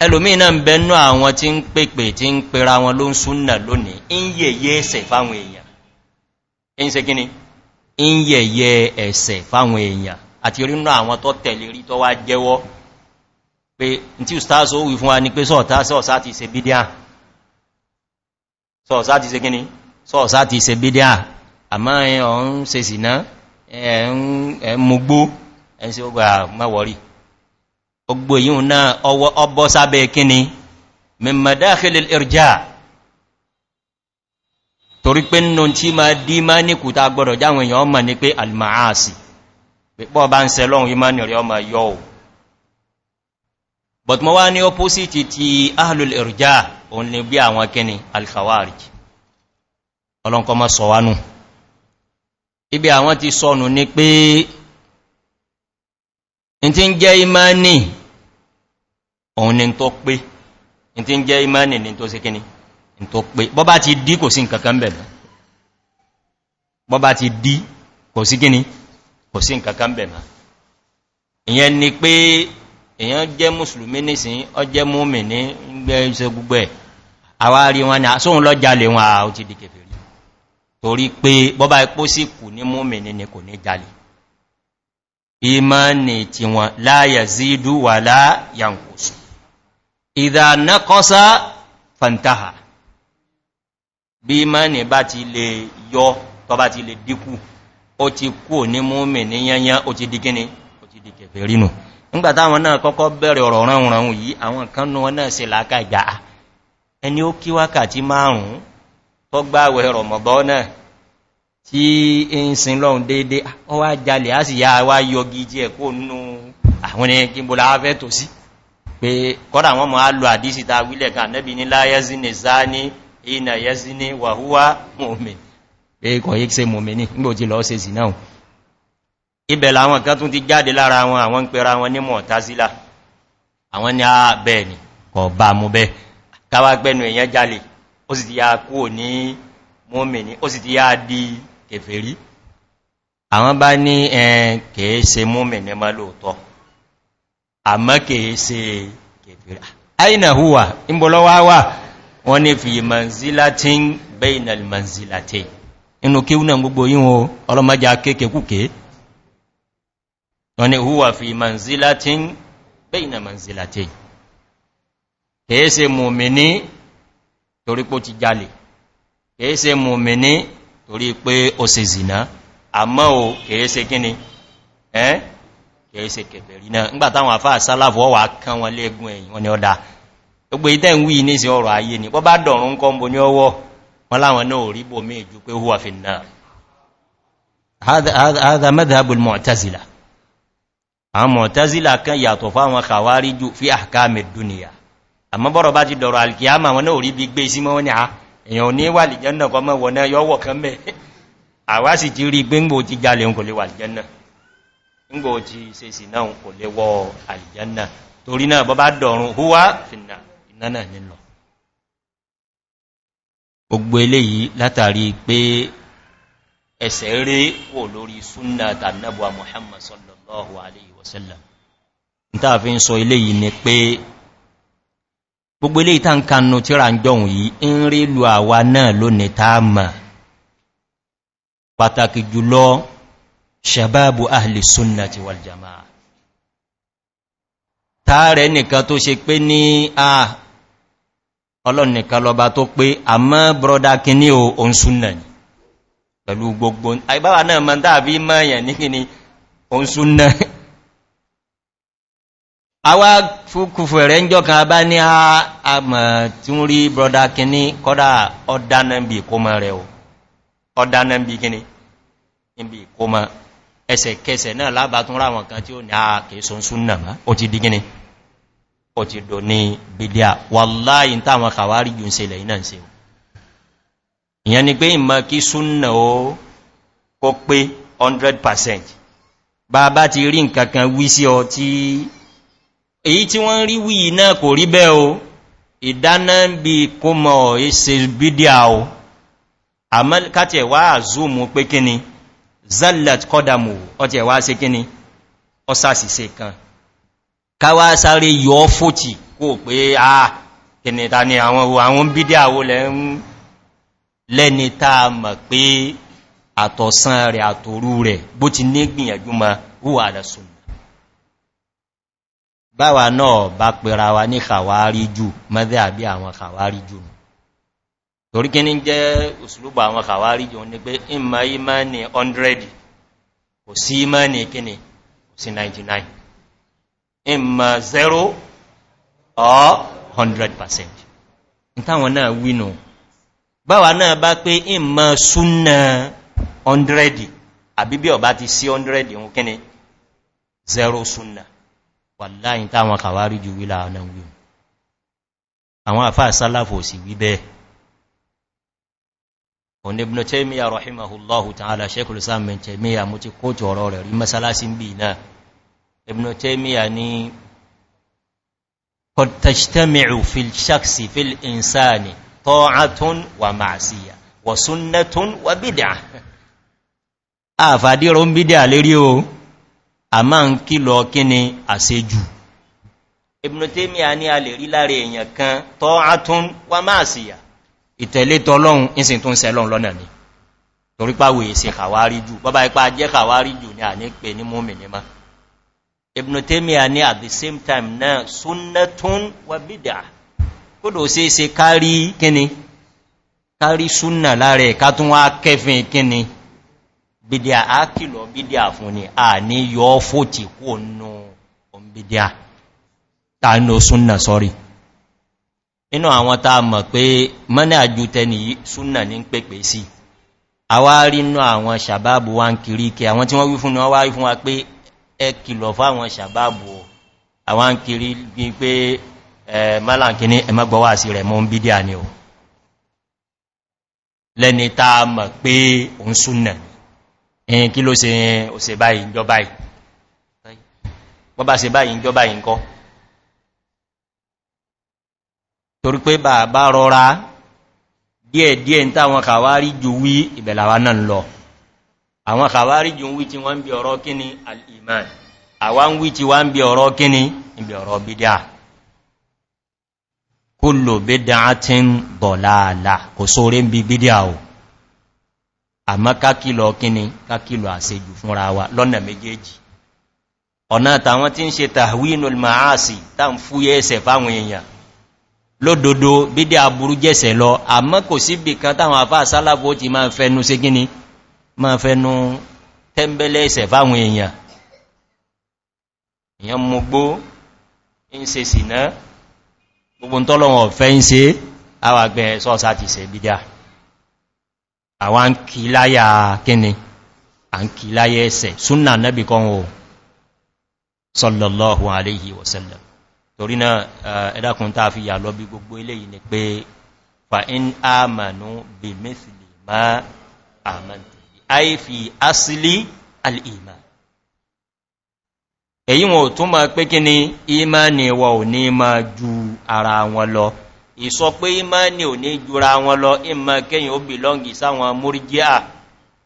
ẹlòmí náà ń ń yẹ̀yẹ ẹ̀sẹ̀ fáwọn èèyàn àti orínú àwọn tó tẹ̀lé rí tó wá jẹ́wọ́ pé tí ó stáàsì ó wì fún wa ní pé sọ́ọ̀sá ti se bídíà sọ́ọ̀sá ti se gíní sọ́ọ̀sá ti se bídíà àmá ọ̀n se sìná ẹ̀mùgbó ẹ̀sẹ̀ ó gbà mọ́wọ̀rí torí pé nínú tí ma dí má ní kùta gbọ́dọ̀ jáwọn èèyàn ọmọ ní pé alìmáàsì pípọ̀ bá ń sẹ lọ́run imani rẹ̀ ọmọ yọ ò but mọ́ wá ní opposite ti ahlul irja òun ni bí àwọn kíni alkhawari ọlọ́nkọ́ mọ́ sọ wánú ibi àwọn ti sọnù ni pé ti ń jẹ́ imani òun ni tó pé ti ń jẹ́ imani ni tó sí kíni tó pé bọ́bá ti dí kò sí nkankan bẹ̀rẹ̀ bọ́bá ti dí kò sí gíní kò sí nkankan bẹ̀rẹ̀ ìyẹn ni pé èyàn jẹ́ musulmi nìsín ọjẹ́ múmi ní gbẹ́ iṣẹ́ ìmọ̀ni tí wọn láyẹ̀ zídú wà láyàǹkóṣù ìdánakọ́sá fantaha bí mọ́nì bá ti lè yọ tọ́ bá ti lè díkù ó ti kú ní múmi ní yányán ó ti di gíní ó ti di kẹfẹ̀ rínú nígbàtá àwọn náà kọ́kọ́ bẹ̀rẹ̀ ọ̀rọ̀ ránwọ̀n yìí àwọn kan nú wọn náà se láàká ìgbà ẹni ó kí wákàtí márùn-ún tó gbáwẹ̀ rọ̀mọ̀bọ́ náà tí ń ìnà yẹ́sí ní wàhúwá mọ̀mí ẹkọ̀ yí ṣe mọ̀mí ní gbò tí lọ ṣe sí náà ibẹ̀ làwọn kan tún ti jáde lára wọn àwọn ń pera ní mọ̀tásílà àwọn ni a bẹ́ẹ̀ ni kọ̀ bá mú bẹ́ káwà gbẹ́nu èèyàn jálè ó sì ti ya kúò ní mọ́mí ní ó sì ti ya di kèfèrí àwọn bá ní ẹn kèé ṣe mọ́mí ní mọ́ lóòtọ́ àmọ́ kèé ṣe kèfèrí àìnà hùwà ìbọ̀lọ́wà wà wọ́n ní fi manzilatin bainal manzilate inú kí wúnà gbogbo yíwo ọlọ́mọjá kéèkè kúkè wọ́n ni huwa fi manzilatin bainal manzilate kèése mùmìní torí pó ti jalè kèése mùmìní torí pé ó se zìná àmọ́ ò kèése kíni ẹ́ kèése kẹfẹ̀rí náà ngbàtàwọn àfáà sálàfọ́ wà kán gbogbo ìtẹ́ ń wí ní sí ọrọ̀ ayé ni wọ́n bá dọ̀rún kọmbò ní ọwọ́ wọn láwọn náà rí bò mí jù pé húwà fi náà haza madhabul mu'tazila àwọn mu'tazila kan yàtọ̀ fáwọn kàwárí jù fi àkàmì dúnìyà àmọ́ bọ́rọ̀ bá ti dọ̀rọ̀ alkiyama wọn náà rí bí gbé sí mọ́ ní à ah, èyàn ní (laughs) torí náà bọ́ dọ̀rùn húwá fìnnà náà nílọ gbogbo eléyìí látàrí pé ẹsẹ̀ rí wò lórí súnnà tàbí muhammad sallallahu alaihi wasallam ta fi ń sọ eléyìí ni pé gbogbo eléyìí ta ń kanu tí ra ń jọun yìí ń rí lu àwa náà lónìí ta mà pàtàkì jùlọ ṣàbábù ahìlì súnnà ti wàljamaà táàrẹ nìkan tó ṣe pé ní a ah, ọlọ́nìkan lọba tó pé àmọ́ brọ́dá kìíní o oun súnnà ni pẹ̀lú gbogbo àìbáwà náà mọ́ dáàbí mọ́yàn ní kìíní oun súnnà àwá fúkúfù rẹ̀ ń jọka bá ní àmọ̀ tí ń rí brọ́dá kìíní kọ́dá ọdánàbì kómọ rẹ̀ o ọdánàbì kìíní níbi kómọ ẹsẹ̀kẹsẹ̀ náà lábàtúnra àwọn kan tí ó ní àkèsọ̀ súnnà ó di kìíní ó ti dò ní bídíà wàláyí táwọn kàwárí yùn se lẹ́yìn náà se o ìyẹn ni pé ìmọ̀ kí súnnà ó kó pé 100% bá bá ti rí nkankan wí sí ọ tí èyí tí wọ́n rí wí náà kò rí bẹ́ o ìdáná ń bí kó mọ̀ ẹsẹ bídíà o àmọ́kátẹ̀ wá àzúmù pé kíni zallat kọ́dàmù ọ̀tẹ̀ wá sí kíni ọ́sàsì se kan káwà sáré yọ fòtì kó pé a kìnnìta ni àwọn àwọn bídí àwọ lẹ́ni táa mọ̀ pé àtọ̀sán rẹ̀ àtòrú rẹ̀ bó ti ní gbìyànjú ma wúwà àdásùn báwa náà bá pẹ̀ra wa ní kàwárí jù mẹ́dẹ́ àbí àwọn kàwárí jù torí kí ní 99 ìmọ̀ 0 or 100% ìtàwọn náà wínú báwa náà bá pé ìmọ̀ súnà 100 àbí bí ọba ti sí 100 ìhun kíni 0 súnà wà láyìn táwọn kàwárí ju wílà ọ̀nà wínú àwọn àfáà sálàfò sì wí bẹ́ẹ̀ òní ibn taymiyyar rahimahullahu ta'ala shekul samin taymiyyar mú ti kóòtù ọ̀rọ̀ rẹ̀ rí masalasi bí náà ibn taimiyya ni kọtàṣtẹ́mìí filṣaksi filinsani tọ́atún wa ma'asíyà wa sunnatun wa bídá a fàdírò ń bídá lérí o a máa ń kílọ kíni àṣejù ibn taimiyya ni a lè rí láre èèyàn kan tọ́atún wa ma'asíyà ìtẹ̀lé tọ́lọ́un ìsìn tó ń sẹ́lọ́un lọ́nà ni torípáwèé se kàwárí jù bọ́bá ipá jẹ́ kàwárí jù ni à ní pè ní múmi ní máa ibn taimiyya ni at the same time na sunnatun wa bid'a kódò sí ṣe kárí kíni kárí súnà lára ẹ̀ká tún wá kẹfin kíni bid'a á kìlọ̀ bid'a fún ni a ní yọ fòtí kó nù ohun bid'a ta ní súnà sọ́rí inú àwọn ta mọ̀ pé mọ́nà àjú tẹni súnà ní pèpè sí àwárí inú àwọn sàbábù wá ń kiri kí àwọn tí wọ́n wí fún wọn wá wí fún wa pé ẹ kìlọ̀ fáwọn sàbábù o àwọn ń kiri bí pé mọ́lànkí ní ẹmọ́gbọ́wà sí rẹ̀ mọ́ ń bídíà ni o lẹ́ni ta mọ̀ pé òun súnà ẹ̀yìn kí ló se òsè báyìí ìjọ báyìí wọ́n bá se báyìí ìjọ báyìí ń kọ́ torí àwọn kàwárí jù ń wí tí wọ́n ń bí ọ̀rọ̀ kíni al'iman àwá ń wí tí wọ́n ń bí ọ̀rọ̀ kíni ibi ọ̀rọ̀ bídá kúlò bídá tí ń bọ̀láàlá kò sóre ń bí bídá o àmọ́ kákìlọ̀ kíni kákìlọ̀ àṣejù fúnra wa lọ́nà méjèèjì ọ̀nà tàwọn tí ń ṣe tàwínul ma'áàsì máa fẹnu tẹ́m̀bẹ̀lẹ̀ ẹsẹ̀ fáwọn èèyàn èèyàn mú gbó ń se sì náà gbogbo ń tọ́lọ̀wọ̀n ọ̀fẹ́ ń se àwàgbẹ̀ e sọ́ọ̀sá ti sẹ̀ bídá àwọn ń kí láyà kíni à ń kí láyà ẹsẹ̀ súnà nẹ́bì kan o sọ́lọ̀lọ́hù aléyìí wọ̀sẹ̀lẹ̀ àìfì asìlì al'ìmá èyí wọn ò tún ma pé kí ni ìmáni wa ò ní ma ju ara wọn lọ ìsọ pé ìmáni ò ní jura wọn lọ ìmá kẹ́yìn ó bìlọ́ngì sáwọn múrígíà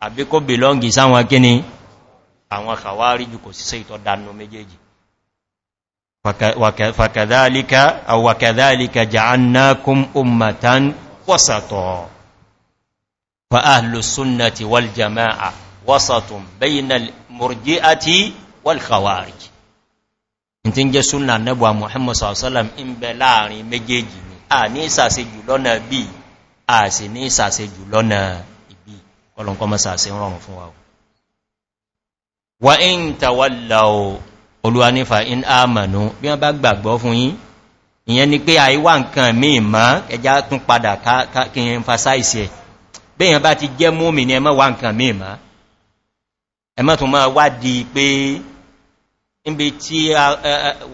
àbí kó bìlọ́ngì sáwọn kí ni àwọn kàwárí jù kò síse ìtọ́ dánú méjèèjì wàkàdálíkà ja'annakum ummatan فأهل السنة والجماعة وسط بين المرجئة والخوارج انت نجي سنة النبوة محمد صلى الله عليه وسلم إن بلاري مجيجي آني ساسجو لنا بي آسني ساسجو لنا بي قولون كما ساسين رمو فواو وإن تولوا olúwa nífà in àmànú bí wọ́n bá gbàgbọ́ fún yí ìyẹn ni pé àíwá nǹkan míì máa ẹjá tún padà kí n fa sáìsì ẹ̀ bẹ́yàn bá ti jẹ́ mú mi ní ẹmọ́ wá nǹkan mí ma ẹmọ́ tó máa wá di pé níbi tí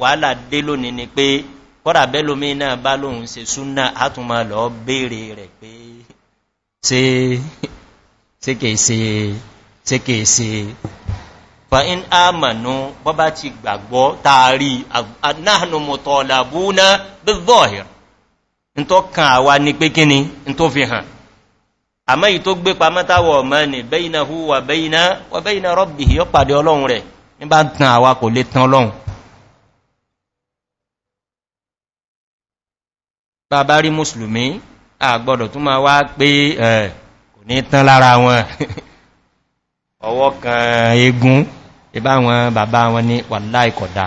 wàhálà dé lónìí ni pé kọ́dà bẹ́lómi náà bá lóhun se súnà lọ rẹ̀ pé ṣe amanu bọ́bá ti gbàgbọ́ taari anáhànumọ̀tọ̀ọ̀làbúná bí zọ́ọ̀hìr ní tó àwa ní pé kíni ní tó fi hàn àmọ́ yìí tó gbé pamọ́ táwọ̀ ọmọ ni bẹ́yìnà hu wà bẹ́yìnà wà bẹ́yìnà rọ́bì yóò pàdé ọlọ́run rẹ̀ ní bá tàn àwa kò lè tán ọlọ́run bàbá rí mùsùlùmí àgbọ̀dọ̀ tó máa wá pé ẹ̀ kò ní tán lára wọn (laughs) ọwọ́ kan egun ìbá wọn bàbá wọn ní wà láìkọ̀dá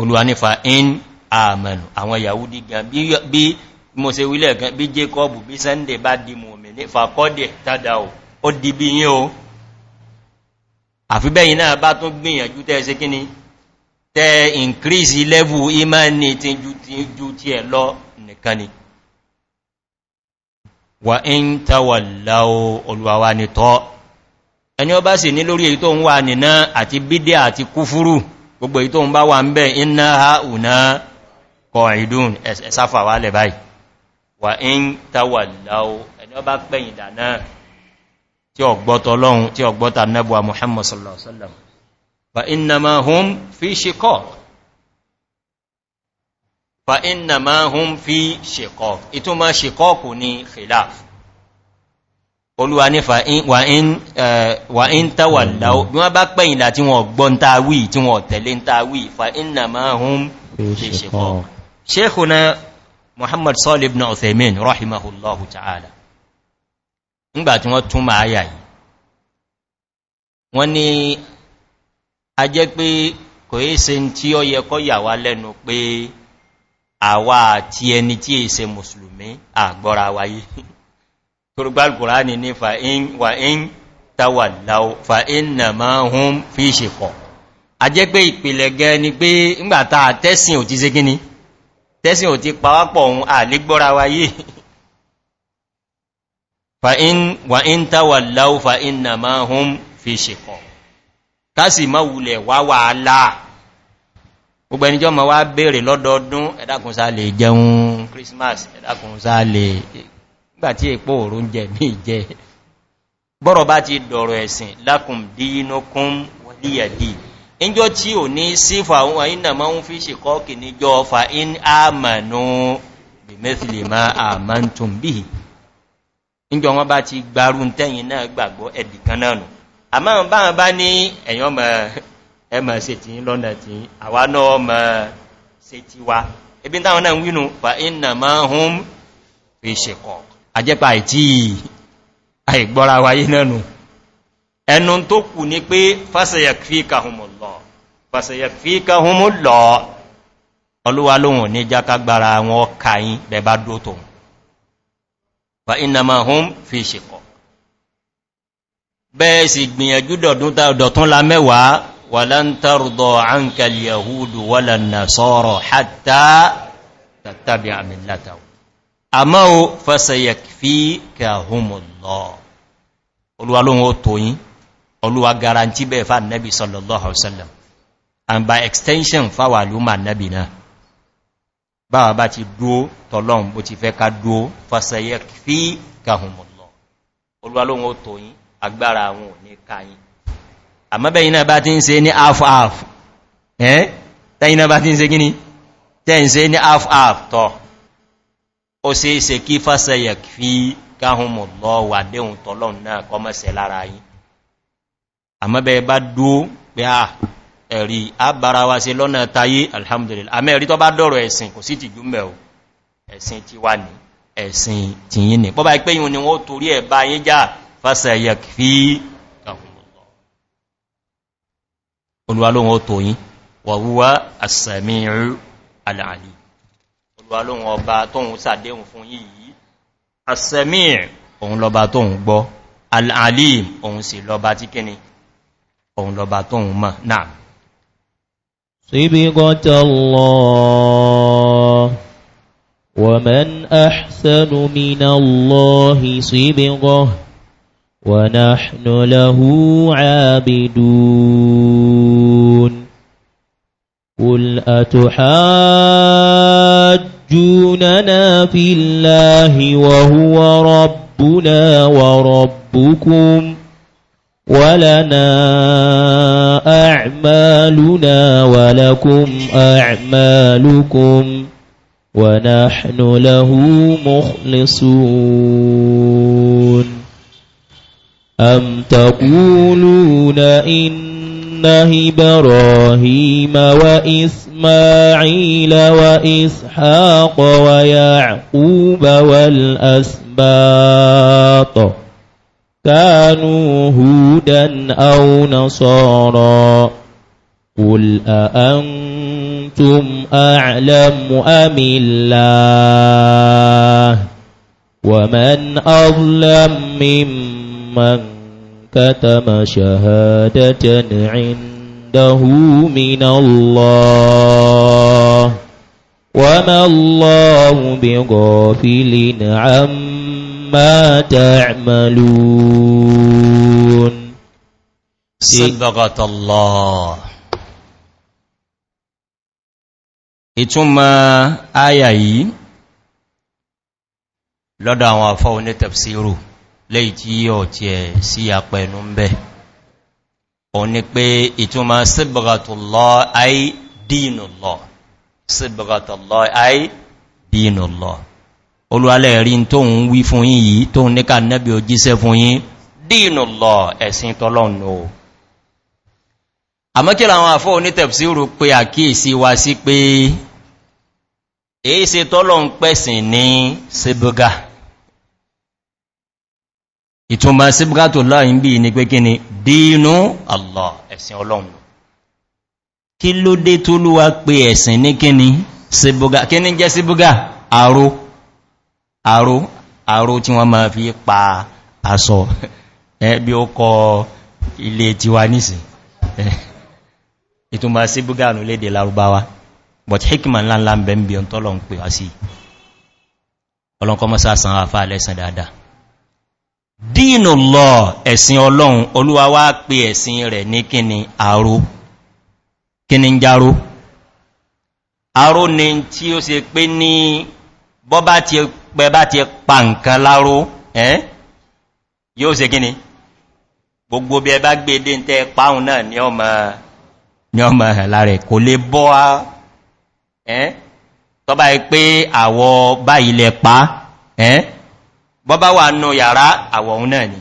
olùwà nífà in àmàlù àwọn yahudi gan bí mo se wílẹ̀ kan bí jacob bí sunday bá di mọ̀mí ní fàkọ́dẹ̀ tàdà ò ó di bí yí o àfibẹ́yìn náà bá tún gbìyànjú tẹ́ ṣe kíni tẹ́ increase level imani ti ju ti ẹ̀ lọ nìkan ni wà ń tàwà láò olùwàwà ní tọ́ ẹni ọ bá sì ní lórí èyí tó ń wà nìna àti bídẹ́ àti kúfúrú gbogbo èyí tó ń bá wà ń bẹ̀ iná ùnà kọ̀ ìdún ẹ̀sáfà wà lẹ̀ báyìí wà ń tàwàláwó ẹni ọba pẹ̀yìn dànà tí ọgbọ́tọ̀ lọ́hun tí ọgbọ́ta nẹ́bùwa muhammad sallallahu alaihi wasallam fa innama hum fi shiqaq fa innama hum fi shiqaq ituma shiqaq ni khilaf olúwa ní wà ń tàwàláwó bí wọ́n bá pẹ̀yìn dà tí wọ́n gbọ́n tàwí tí wọ́n tẹ̀lé tàwí fa innama hum fi shiqaq muhammad sọ́lì ibn ọ̀fẹ̀mìn rahimahullahu ta'ala nígbàtí wọ́n tún máa yà yìí wọ́n ni a jẹ́ pé kò yí se tí ó yẹ kọ́ yà wá lẹ́nu pé àwà àti ẹni tí è se musulmi àgbọ́ra wáyé (laughs) turbalkura ni ni fa'in tawallau fa'in na máa hún fi ṣe kọ̀ a jẹ́ pé ìpìlẹ̀ gẹ́ ni pé ńgbàtà tẹ́sìn ò ti se gíní tẹ́sìn ò ti pàwápọ̀ ohun àlégbọ́ra wáyé wà ń tàwà láwú (laughs) fa iná máa hún fi ṣekọ̀ kásì má wulẹ̀ wá wà láà gbogbo ẹnijọ́ ma wá bèèrè lọ́dọọdún ẹ̀dàkùnsá lè jẹun christmas ẹ̀dàkùnsá lè gbàtí èpò òrùn jẹ ní ìjẹ bọ́rọ̀ bá ti dọ̀rọ̀ ẹ̀sìn lákùn dínúkún wọlíyàdìí ìjọ tí ò ní sí fàwọn iná ma ń fi ṣe kọ́kì níjọ fa in àmànú bìmẹ́fìlì ma àmàntùn bí ìjọ wọn bá ti gbarú tẹ́yìn náà gbàgbọ́ ẹ̀dìkan náà nù àmá báwọn bá ní ẹ̀yàn mọ̀ ẹmọ̀ sí ti náà mọ̀ wínú fa iná ma ń fi ṣe kọ́ àjẹ́pà àìtí àìgbọ́ra wáyé náà ẹnu tó kù ní pé fásẹ̀yàkfíkàhùnmùlọ́ ọlúwa lóhun ní jákágbára wọn kàyín bẹ̀bá dótò fa inama hum fi ṣekọ̀ bẹ́ẹ̀ sì gbìyànjú dọ̀tún la mẹ́wàá wà lántàrùdọ̀ àǹkàlì yahudu wà lànà sọ́rọ̀ hátà tàbí àmìlátàwò àmọ́ fásẹ̀yàkfíkàhùnmùlọ́ olúwa lóhun ó tóyín olúwa garanti bẹ́ẹ̀ fà nẹ́bí sallallahu ala'uwasallam and by extension fáwà lúmà nẹ́bí náà báwa bá ti dúó tọ́lọ́un bó ti fẹ́ ká dúó fásẹyẹ fí kàhùnmọ̀lọ́ olúwa lóhun ó tóyín agbára àwọn òní káyín àmọ́bẹ̀yìn náà bá ti ń se ní half-half ẹ́ tẹ́yìn náà bá ti ń se gíní tẹ́yìn se ní half-half tọ́ wà déhùn tọ́lọ́un náà lára yìí àmọ́bẹ̀ bá dúó pé à ah, ẹ̀rí àbára wa lọ́nà tayé alhamdulillah àmẹ́rí tó bá dọ̀rọ̀ ẹ̀sìn kò sí ti gúnmẹ̀ o ẹ̀sìn ti wà ní ẹ̀sìn ti yí ní pọ́bá ipé yíò ni wọ́n torí ẹ̀ bá yí já fásẹ̀ yẹ fi olúwalóhun ó tóyín wàwúwá àsẹ̀mí alààlì olúwalóhun òun lọba tóhun mọ̀ náà síbí ومن أحسن من الله صبغه ونحن له عابدون قل أتحاجوننا في الله وهو ربنا وربكم ولنا أعمالنا ولكم أعمالكم ونحن له مخلصون أم تقولون إن إبراهيم وإسماعيل وإسحاق ويعقوب والأسباط كانوا هودا أو نصارا قل أأنتم أعلم أم الله ومن أظلم ممن كتم شهادة عنده من الله وما الله بغافل عما ما تعملون صدقة الله ìtúnmà àyà yìí lọ́dọ̀ àwọn àfọ́ oní tẹ̀fṣírù lẹ́yìn tí yíò tí ẹ̀ sí àpẹ ẹnu ń bẹ̀ o ní pé ìtúnmà síbìràtùlọ́ olúwalẹ̀ rí tó ń wí fún yí yìí tó ń níkà nẹ́bí ò jíṣẹ́ fún yí dínú lọ ẹ̀sìn tọ́lọ́nà o àmọ́kílá àwọn àfọ́ onítẹ̀psí rò pé àkíyèsí wa sí pé èé se tọ́lọ́n pẹ̀sìn ní síbúgá ìtumọ̀ síbúgá tó láàrín bí ní pé kí ni dínú allah ẹ̀sìn ọlọ́run kí ló dé tó lúwa pé ẹ̀sìn ní kí ni aró aró tí wọ́n máa fi pa aṣọ (laughs) ẹbí ó kọ ilé tiwa nìsìn (laughs) ìtumọ̀ sí búgánù léde larubawa but hikman lánlá ń bẹ ń bí ọ̀n tọ́lọ̀ ń pè wá sí ọlọ́nkọ́ mọ́sá san àfá lẹ́sàn dáadáa dínú lọ ẹ̀sìn ọlọ́run olúwa wá pé ẹ̀sìn rẹ̀ ní kíni àró kíni járó àró ni tí ó se pé ní bọ́bá ti pẹ bá ti pa nǹkan láró ẹ́ yóò se gíní gbogbo bí ẹ bá gbé dé ń tẹ́ páhùn náà ní ọmọ ní ọmọ ẹ̀lárẹ̀ kò lè bọ́ á ẹ́ tọ́bá ẹ pé àwọ bá ilẹ̀ pa ẹ́ bọ́bá wà nù yàrá àwọ̀ òun náà ni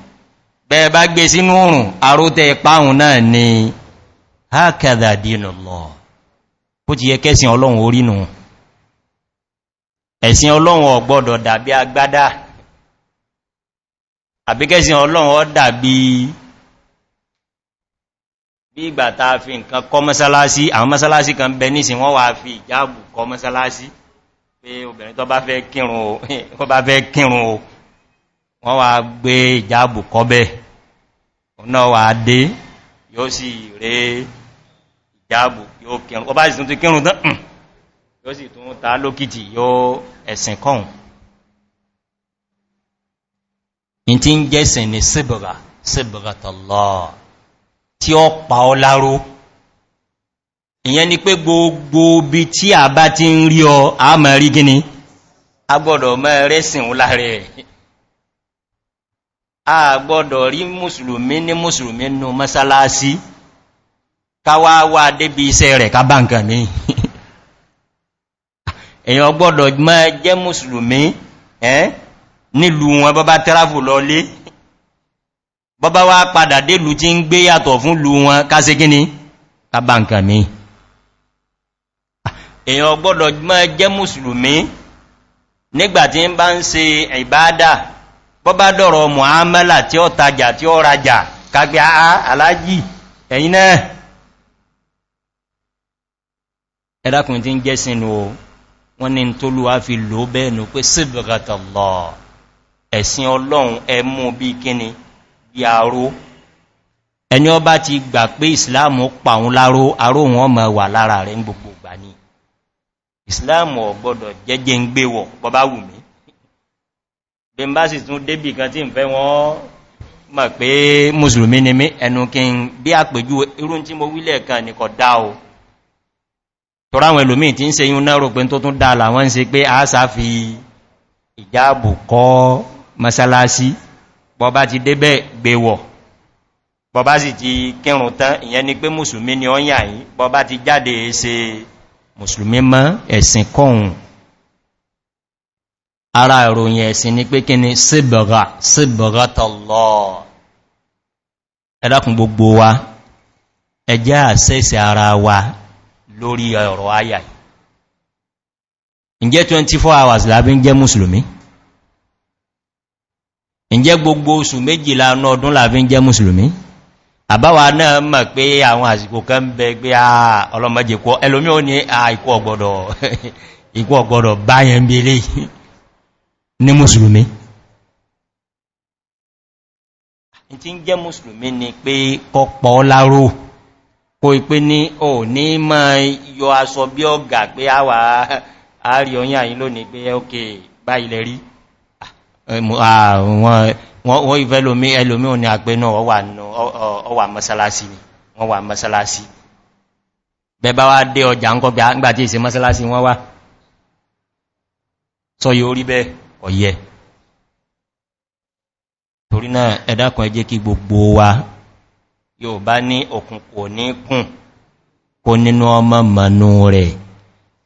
bẹ́ẹ̀ bá gbé sínú òrùn arótẹ́ páhùn náà ni hákàdà dínà lọ bó ti yẹ kẹ́sìn ọlọ́run orínú ẹ̀sìn ọlọ́run ọ̀gbọ́dọ̀ dàbí agbádá àbíkẹ́sìn ọlọ́run ọ dàbí bí ìgbà ta fi nǹkan kọ mọ́sálásí àwọn mọ́sálásí kan bẹ nísìn wọ́n wà fi ìjáàbù kọ mọ́sálásí pé obìnrin tó bá fẹ́ kírun o (laughs) wọ́n wà gbé ìjáàbù kọ bẹ́ ọ̀nà wà dé yóò sì rẹ ìjáàbù yóò kírun ọ bá sì tún ti kírun hmm, yóò sì tún ta lókìtì yóò ẹ̀sìn kọ́hùn in ti ń jẹ́sìn ni síbìrà síbìrà tọ́lọ́ tí ó pa ọ láró ìyẹn ni pé gbogbo bí tí a bá ti ń rí ọ a mọ̀ rí gíní a gbọ́dọ̀ mọ́ rẹ́sìn láàrẹ a gbọ́dọ̀ rí mùsùlùmí ní mùsùlùmí nù mọ́sálásí káwàá wà débi iṣẹ́ rẹ̀ ká bá nǹkan mìí èyàn gbọ́dọ̀ mọ́ jẹ́ mùsùlùmí ẹ́ nílùú wọn bọ́bá tẹ́ráfù lọ lé bọ́bá wá padà délù tí ń gbé yàtọ̀ fún lù wọn kásé gíní tàbá nǹkan mi èyàn gbọ́dọ̀ mọ́ jẹ́ mùsùlùmí nígbàtí ń bá ń se ìbádà bọ́bá dọ̀rọ̀ mọ̀hámẹ́là tí ó tajà tí ó rajà kàgbé aláàjì ẹ̀yìn náà ẹ̀dàkùn tí ń jẹ́ sínú wọ́n ni tó lù wá fi lò bẹ́ẹ̀nù pé síbìrìtàlọ́ ẹ̀sìn ọlọ́run ẹmú bí kíni bí aró ẹni ọba ti gbà pé ìsìláàmù pàun láró aró wọn mọ̀ wà lára rẹ̀ ń gbogbo gbà ní ìsìláàmù ọ̀gbọ́dọ̀ jẹ́jẹ́ ń gbé wọ̀ bọ́bá wù mí mọ̀ pé mùsùlùmí ni mí ẹnu kí n bí àpèjú irú tí mo wílẹ̀ kan ní kọ̀ dá o tọ́rọ àwọn ẹlòmí tí ń se yíò náà rò pé tó tún dáàlà wọ́n ń se pé a sá fi ìjáàbù kọ́ masalasi bọ́bá ti débẹ̀ gbèwọ̀ bọ́bá sì ti kírùn tán ìyẹn ni pé musulmi ni ọ́n yà yìí bọ́bá ti jáde ṣe musulmi mọ́ ẹ̀sìn kọ́hùn ara ìròyìn ẹ̀sìn ni pé kíni síbọ̀gá síbọ̀gá tọ̀lọ̀ ẹ̀dàkùn gbogbo wa ẹjẹ́ àṣẹ́sẹ̀ ara wa lórí ọ̀rọ̀ ayà ìjẹ́ 24 hours lábí ń jẹ́ musulmi ìjẹ́ gbogbo oṣù méjìlá ọ̀nà ọdún lábí ń jẹ́ musulmi àbáwà náà mọ̀ pé àwọn àsìkò kan bẹ gbé ọlọ́mọdé kọ ẹlòmí ó ní ikú ọgbọ̀dọ̀ (laughs) báyẹn bí ilé (laughs) ní musulmi tí ń jẹ́ musulmi ni pé kọ́pọ̀ láró kò ìpé ní ò ní máa yọ aṣọ bí ọgà pé a wà àárí ọyìn àyí lónìí pé ókè bá ilẹ̀ rí ah, wọ́n ìfẹ́ lómi ẹlòmí òní àpé náà ọwà masalasi ni wọ́n wà masalasi bẹba wá dé ọjà ń kọgbà ńgbàtí masalasi wọ́n wá sọ yóò rí bẹ́ ọ̀yẹ torí náà ẹ̀dàkùn ẹjẹ́ kí gbogbo wa yóò bá ní òkun kò ní kùn kò nínú ọmọ mọ̀nú rẹ̀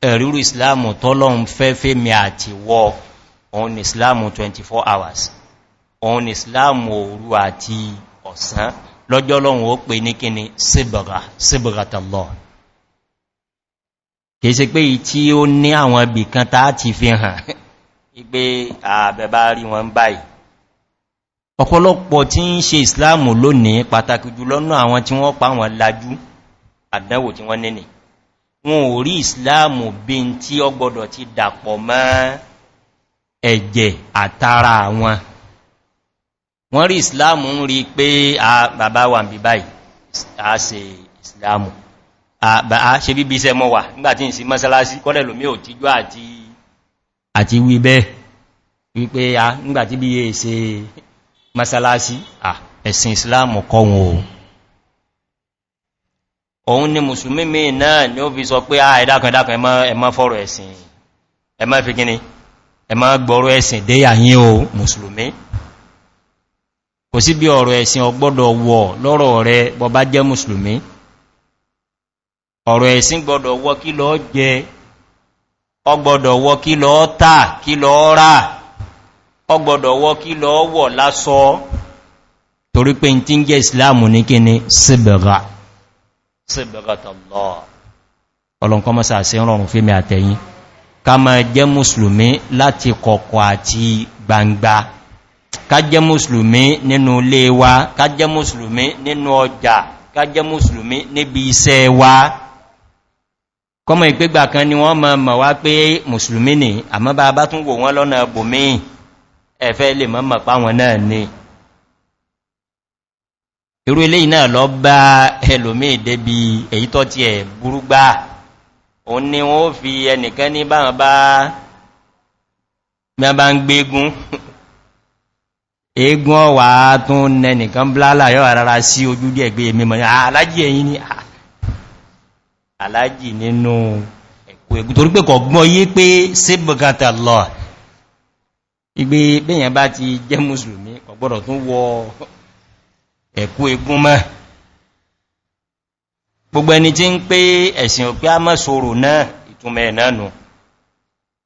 ẹ̀rírù islamu tọ́lọ́un fẹ́ fẹ́ mi àti wọ òun islamu 24 hours òun islamu òru àti ọ̀sán lọ́jọ́ lọ́hun ó pè ní kíni síbìrà síbìràtàlọ́ kìí se pé tí ó ní àwọn ibìkan tàà ti fi hàn ipé (laughs) àbẹ̀bá rí wọn báyìí ọ̀pọ̀lọpọ̀ tí ń ṣe ìsìláàmù lónìí pàtàkì jùlọ́nà àwọn tí wọ́n pa wọn lájú àdánwò tí wọ́n nínì wọn ò rí ìsìláàmù bí n tí ọ gbọdọ̀ ti dàpọ̀ mọ́ ẹ̀jẹ̀ àtàrà wọn wọ́n rí ìsìláàmù ń rí pé a bàbá wà bí báyìí a ṣe ìsìláàmù a ṣe bíbí iṣẹ́ mọ́ wà nígbàtí ìsìn mọ́sálásí kọ́lẹ̀ lómí ò tíjú àti wí masalasi à ẹ̀sìn islam kọ́ wọn o òun ni musulmi mi náà ni ó fi sọ pé ah ẹ̀dàkùn ẹ̀dàkùn ẹmọ́ fọ́rọ̀ ẹ̀sìn ẹmọ́ fi gíní ẹmọ́ gbọ́rọ̀ ẹ̀sìn dé àyín o musulmi kò sí bí ọ̀rọ̀ ẹ̀sìn ọgbọ́dọ̀ wọ lọ́rọ̀ rẹ bọba jẹ́ musulmi ọ̀rọ̀ ẹ̀sìn gbọ́dọ̀ wọ kí lọ jẹ ọgbọ́dọ̀ wọ kí lọ tà kí lọ rà ọgbọ̀dọ̀ wọ kí lọ wọ̀ lásọ torí pé tí ń jẹ́ ìsìláàmù ní kí ni síbẹ̀rà síbẹ̀rẹ̀tọ̀lọ́ ọlọ́nkọ́ mọ́sá sí rọrùn fí mẹ́ àtẹ̀yìn ká ma jẹ́ musulmi láti kọ̀kọ̀ àti gbangba ká jẹ́ musulmi nínú ilé wa ká jẹ́ musulmi nínú ọjà ká jẹ́ musulmi níbi iṣẹ́ wa kọmọ ìpégbà kan ni wọ́n mọ̀ wá pé musulmi ni àmọ́ bá bá tún wò wọ́n lọ́nà ẹbùnmíì ẹ̀fẹ́ lè mọ́mọ̀ páwọn náà ni irú ilé iná lọ bá ẹlòmí ìdẹ́bi èyí tọ́ ti ẹ̀ burúgbà o ní wọ́n ó fi ẹnìkan ní báwọn bá mẹ́bá ń gbégún eégún ọwà tún nẹnìkan blálà yọ́ rárá sí ojú ah, alájì ẹ̀yìn ni ah, alájì nínú ẹ̀kù ẹ̀kù yí pé síbùkátà lọ́ọ̀ igbe bẹ́yàn bá ti jẹ́ musulmi ọ̀gbọ́dọ̀ tún wọ ẹ̀kú egun mọ́ gbogbo ẹni tí ń pé ẹ̀sìn òpé a mọ́ sọ̀rọ̀ náà ìtumẹ̀ náà nù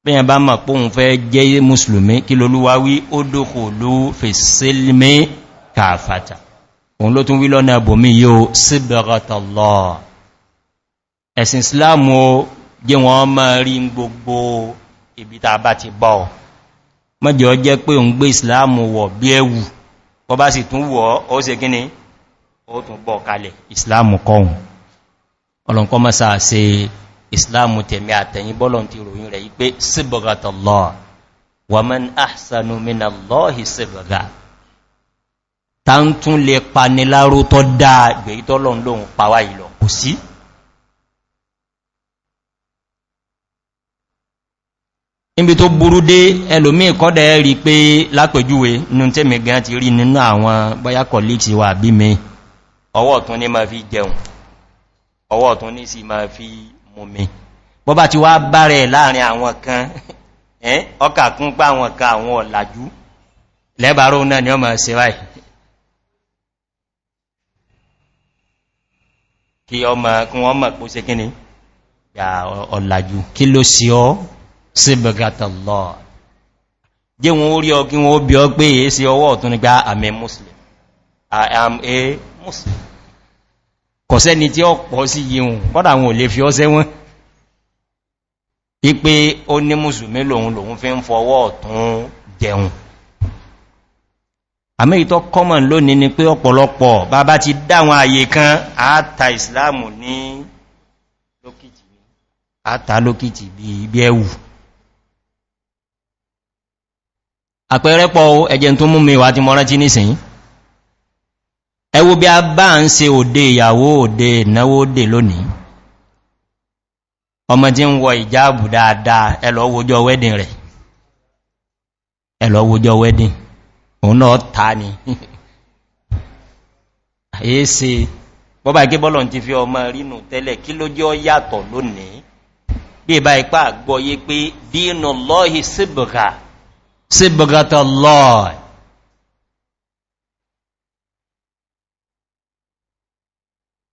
bẹ́yàn bá mọ̀ pòhun fẹ́ jẹ́ musulmi kí lolúwáwí ó dókò ló fèsílmé kàfàtà òun ló tún wí lọ́nà bòmí yóò síbẹ̀rọ̀tọ̀lọ́ ẹ̀sìn islam ó gbogbo ibi tàbá ti bọ́ mọ́jọ jẹ́ pé òun gbé ìsìláàmù wọ̀ bí ẹwù kọ bá sì tún wọ́ ó se gíní ó tún bọ̀ kalẹ̀ ìsìláàmù kọun ọlọ́nkọ́ mọ́sá se ìsìláàmù tẹ̀mí àtẹ̀yìn bọ́lọ̀n ti ròyìn rẹ̀ pé síbọ̀gàtọ̀lọ́ níbi tó burú dé ẹlòmíì kọ́dẹ̀ rí pé lápẹjúwe nínú tẹ́mì gan ti rí nínú àwọn bọ́yá colleagues wà bí mi ọwọ́ tún ní ma fi jẹun ọwọ́ tún ní sí ma fi mumi bọ́bá ti wá bárẹ̀ láàrin àwọn kan (laughs) ọkà kún pá àwọn kan àwọn ọ̀làjú lẹ́bàárò náà ni ọmọ ṣe wáyìí kí ọmọ kún ọmọ pọ́ sí kíni síbẹ̀gátàlọ́ jẹ́ wọn ó rí ọ kí wọn ó bí ọ pé èé sí ọwọ́ ọ̀tún nígbà àmì ah, muslim i am a muslim kọ̀sẹ́ni tí ó pọ̀ sí yíun bọ́dà wọn ò lè fi ọ́sẹ́ wọn wípé ó ní musulmi lòun lòun fi ń fọwọ́ ọ̀tún jẹun àmì ìtọ́ common lónìí ni pé ọ̀pọ̀lọpọ̀ bàbá ti dáwọn àyè kan àátà ìsìláàmù ní lókìtì bí ẹwù àpẹẹrẹpọ̀ ẹjẹ́ tó mú mi wà ti mọ́rántí nìsìn ẹwú bí a bá ń se òde ìyàwó òde ìnáwó òde lónìí ọmọ tí ń wọ ìjáàbù dáadáa ẹlọ́wọ́jọ́ wẹ́dìn rẹ̀ ẹlọ́wọ́jọ́ wẹ́dìn òun náà ta ni (laughs) bọ́bá ikẹ́ bọ́lọ̀ ti fi ọmọ rínú tẹ́lẹ̀ kí ló yàtọ̀ lónìí bí ìbá ipá àgbọ́yé pé sibghatallah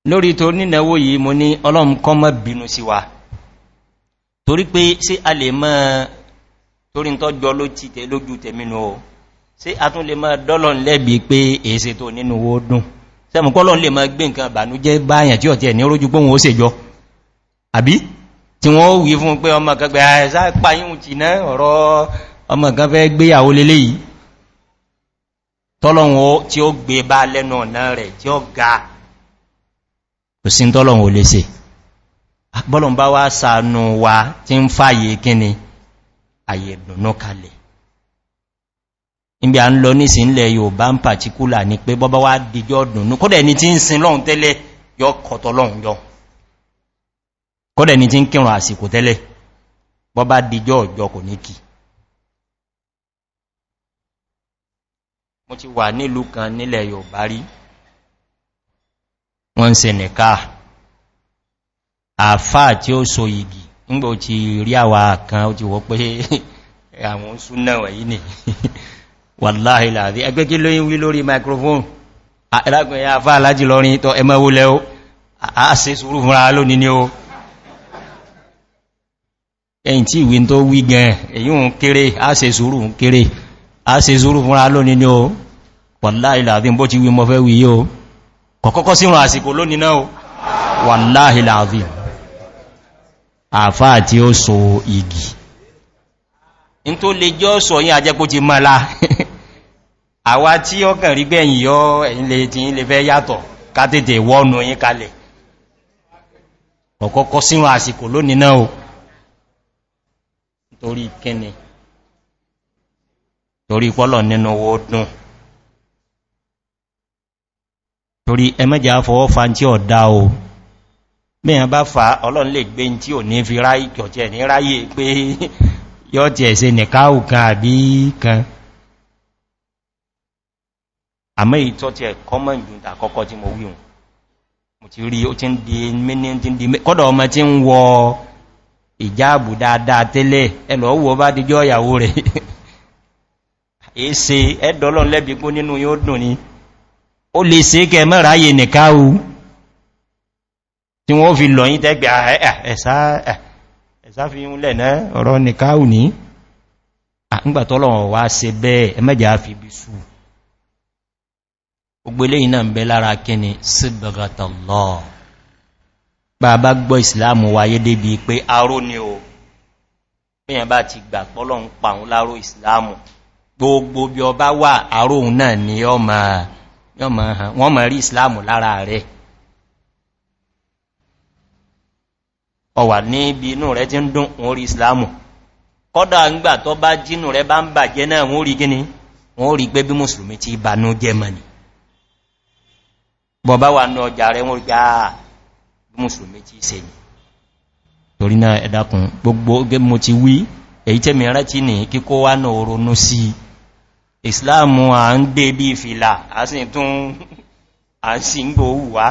lórí tó nínẹ̀wó yìí mo ní ọlọ́mkọ́ mọ́ bínú sí wa torí pé sí a lè mọ́ torí tó jọ ló ti tẹ lójú tẹ̀mínú o sí a tún lè mọ́ dọ́lọ̀ lẹ́bi pé èsè tó nínú owó dùn sẹ́mùkọ́lọ̀ lè mọ́ gbé nǹkan bànújẹ́ báyàn tí ọ̀tẹ̀ ní orójú pé wọ́n ó ọmọ kan fẹ́ gbéyàwó lélé yìí tọ́lọ̀wọ́ tí ó gbé bá lẹ́nu ọ̀nà rẹ̀ tí ó ga kò sí tọ́lọ̀wọ́ lè ṣe bọ́lọ̀n bá wá sàánú wa tí ń fàyè kíni àyẹ̀dùnú kalẹ̀ níbi à ń lọ ní ìsìnlẹ̀ yóòbá ń pàtíkúlà ní pé bọ́bá wá dìjọ́ dùnú kọ́dẹ̀ ni tí ń kò ní kìí wọ́n ti wà kan nílẹ̀ yóòbá rí wọ́n ń se nìká àfá tí ó so igi nígbà ó ti rí àwà kan ó ti wọ́ pé (laughs) àwọn súnà wẹ̀yí nì (laughs) wàláhìláàdí ẹgbẹ́ kí lóyìn wí lórí microphone ẹlágbẹ̀ ya àfá alájì lọrin tọ ẹmọ́wó lẹ́ a ẹ̀yìn tí ìwé tó wí gan èyí kéré a sùúrù kéré a wàláhìláàdín bó ti wí mọ́ fẹ́ wí yóò kọ̀kọ́kọ́ sírùn àsìkò lónìí náà wàláhìláàdín igi in tó lè jọ́ sọ yí ajẹ́kó ti mọ́lá àwá tí ó (laughs) kàn rí gbẹ̀yìn yọ ilẹ̀ tí ń lè fẹ́ yàtọ̀ ká tètè wọ́nu yí kalẹ̀ ọ̀kọ́kọ́ sírùn àsìkò lónìí náà o torí kẹni torí pọ́lọ̀ nínú owó torí ẹmẹ́jà fọwọ́ fa tí dá o mẹ́yàn bá fa ọlọ́n lè gbé tí ò ní fi ráyí kọ̀ọ̀tẹ̀ ní ráyé pé (laughs) yọ́ ti ẹ̀ṣẹ́ nìkáhù kan àbí kan àmẹ́ ìtọ́ ti ẹ̀kọ́ mọ́ ìjúntà àkọ́kọ́ tí mo wíhùn mo ti rí o ti ń di mẹ́ni tí ń di kọ́dọ̀ ọmọ tí ń wọ ìjáàbù dáadáa tẹ́lẹ̀ bá dijọ́ ìyàwó rẹ̀ (laughs) èé se ẹ́dọ́lọ́n lẹ́bi nínú yóò dùn ni ó lè ṣe kẹ mẹ́ra ayé nìká o tí wọ́n fi lọ yí tẹ́gbẹ̀ ẹ̀sá fi ń lẹ̀nà ọ̀rọ̀ nìká o ní àgbàtọ́lọ̀wọ̀ wá se bẹ́ẹ̀ ẹmẹ́jà fi bí sù ogbélé iná ń bẹ lára kíni síbẹ̀gàtọ̀lọ́ bàbá gbọ́ ìsìláàmù wáyé débi pé aró gbogbo bí ọba wà aró òun náà ni ọ máa wọ́n mọ̀ rí islamu lára rẹ̀ ọwà ní ibi inú rẹ̀ ti ń dún wọ́n rí ìsìláàmù kọ́dà ńgbà tó bá jínú rẹ̀ bá ń bàjẹ́ náà wọ́n rí gíní wọ́n rí bí ti banú germany bọ̀ wà ní ọjà rẹ̀ wọ́n gbá ah, bí ti se ni torí náà ẹ̀dàkùn gbogbo mo ti wí èyí tẹ́mi rántí ní kíkó wá náà ronú ìsìláàmù à ń gbé bí fìlà a sì tún a sì ń gbò wùwá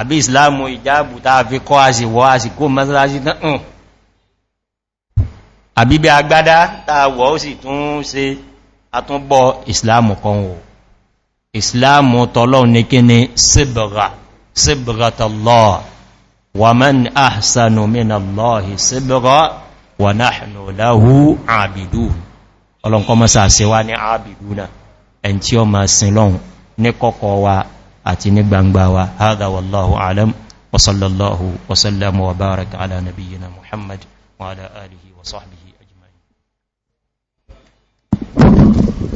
àbí ìsìláàmù ìjáàbù tàà fi kọ́ a sì wọ́ a sì kó mọ́sánlásí tán àbí bí agbádá tàà wọ́ ó sì tún se àtúnbọ̀ ìsìláàmù kan wò ìsìláàmù tọ́lọ́ ní kí ni síbìrà síbìrà tọ́lọ́ lahu àbìdú ọlọ́nkọ́ mọ́sá se wá ní ààbìdúnà ẹn tí ó ma sin lọ́hun ní kọ́kọ́ wa àti ní gbangba wa haɗa wallahu alam wasallallahu wasallamu wa baraka ala nabiyyina muhammad wa ala alihi wa sahbihi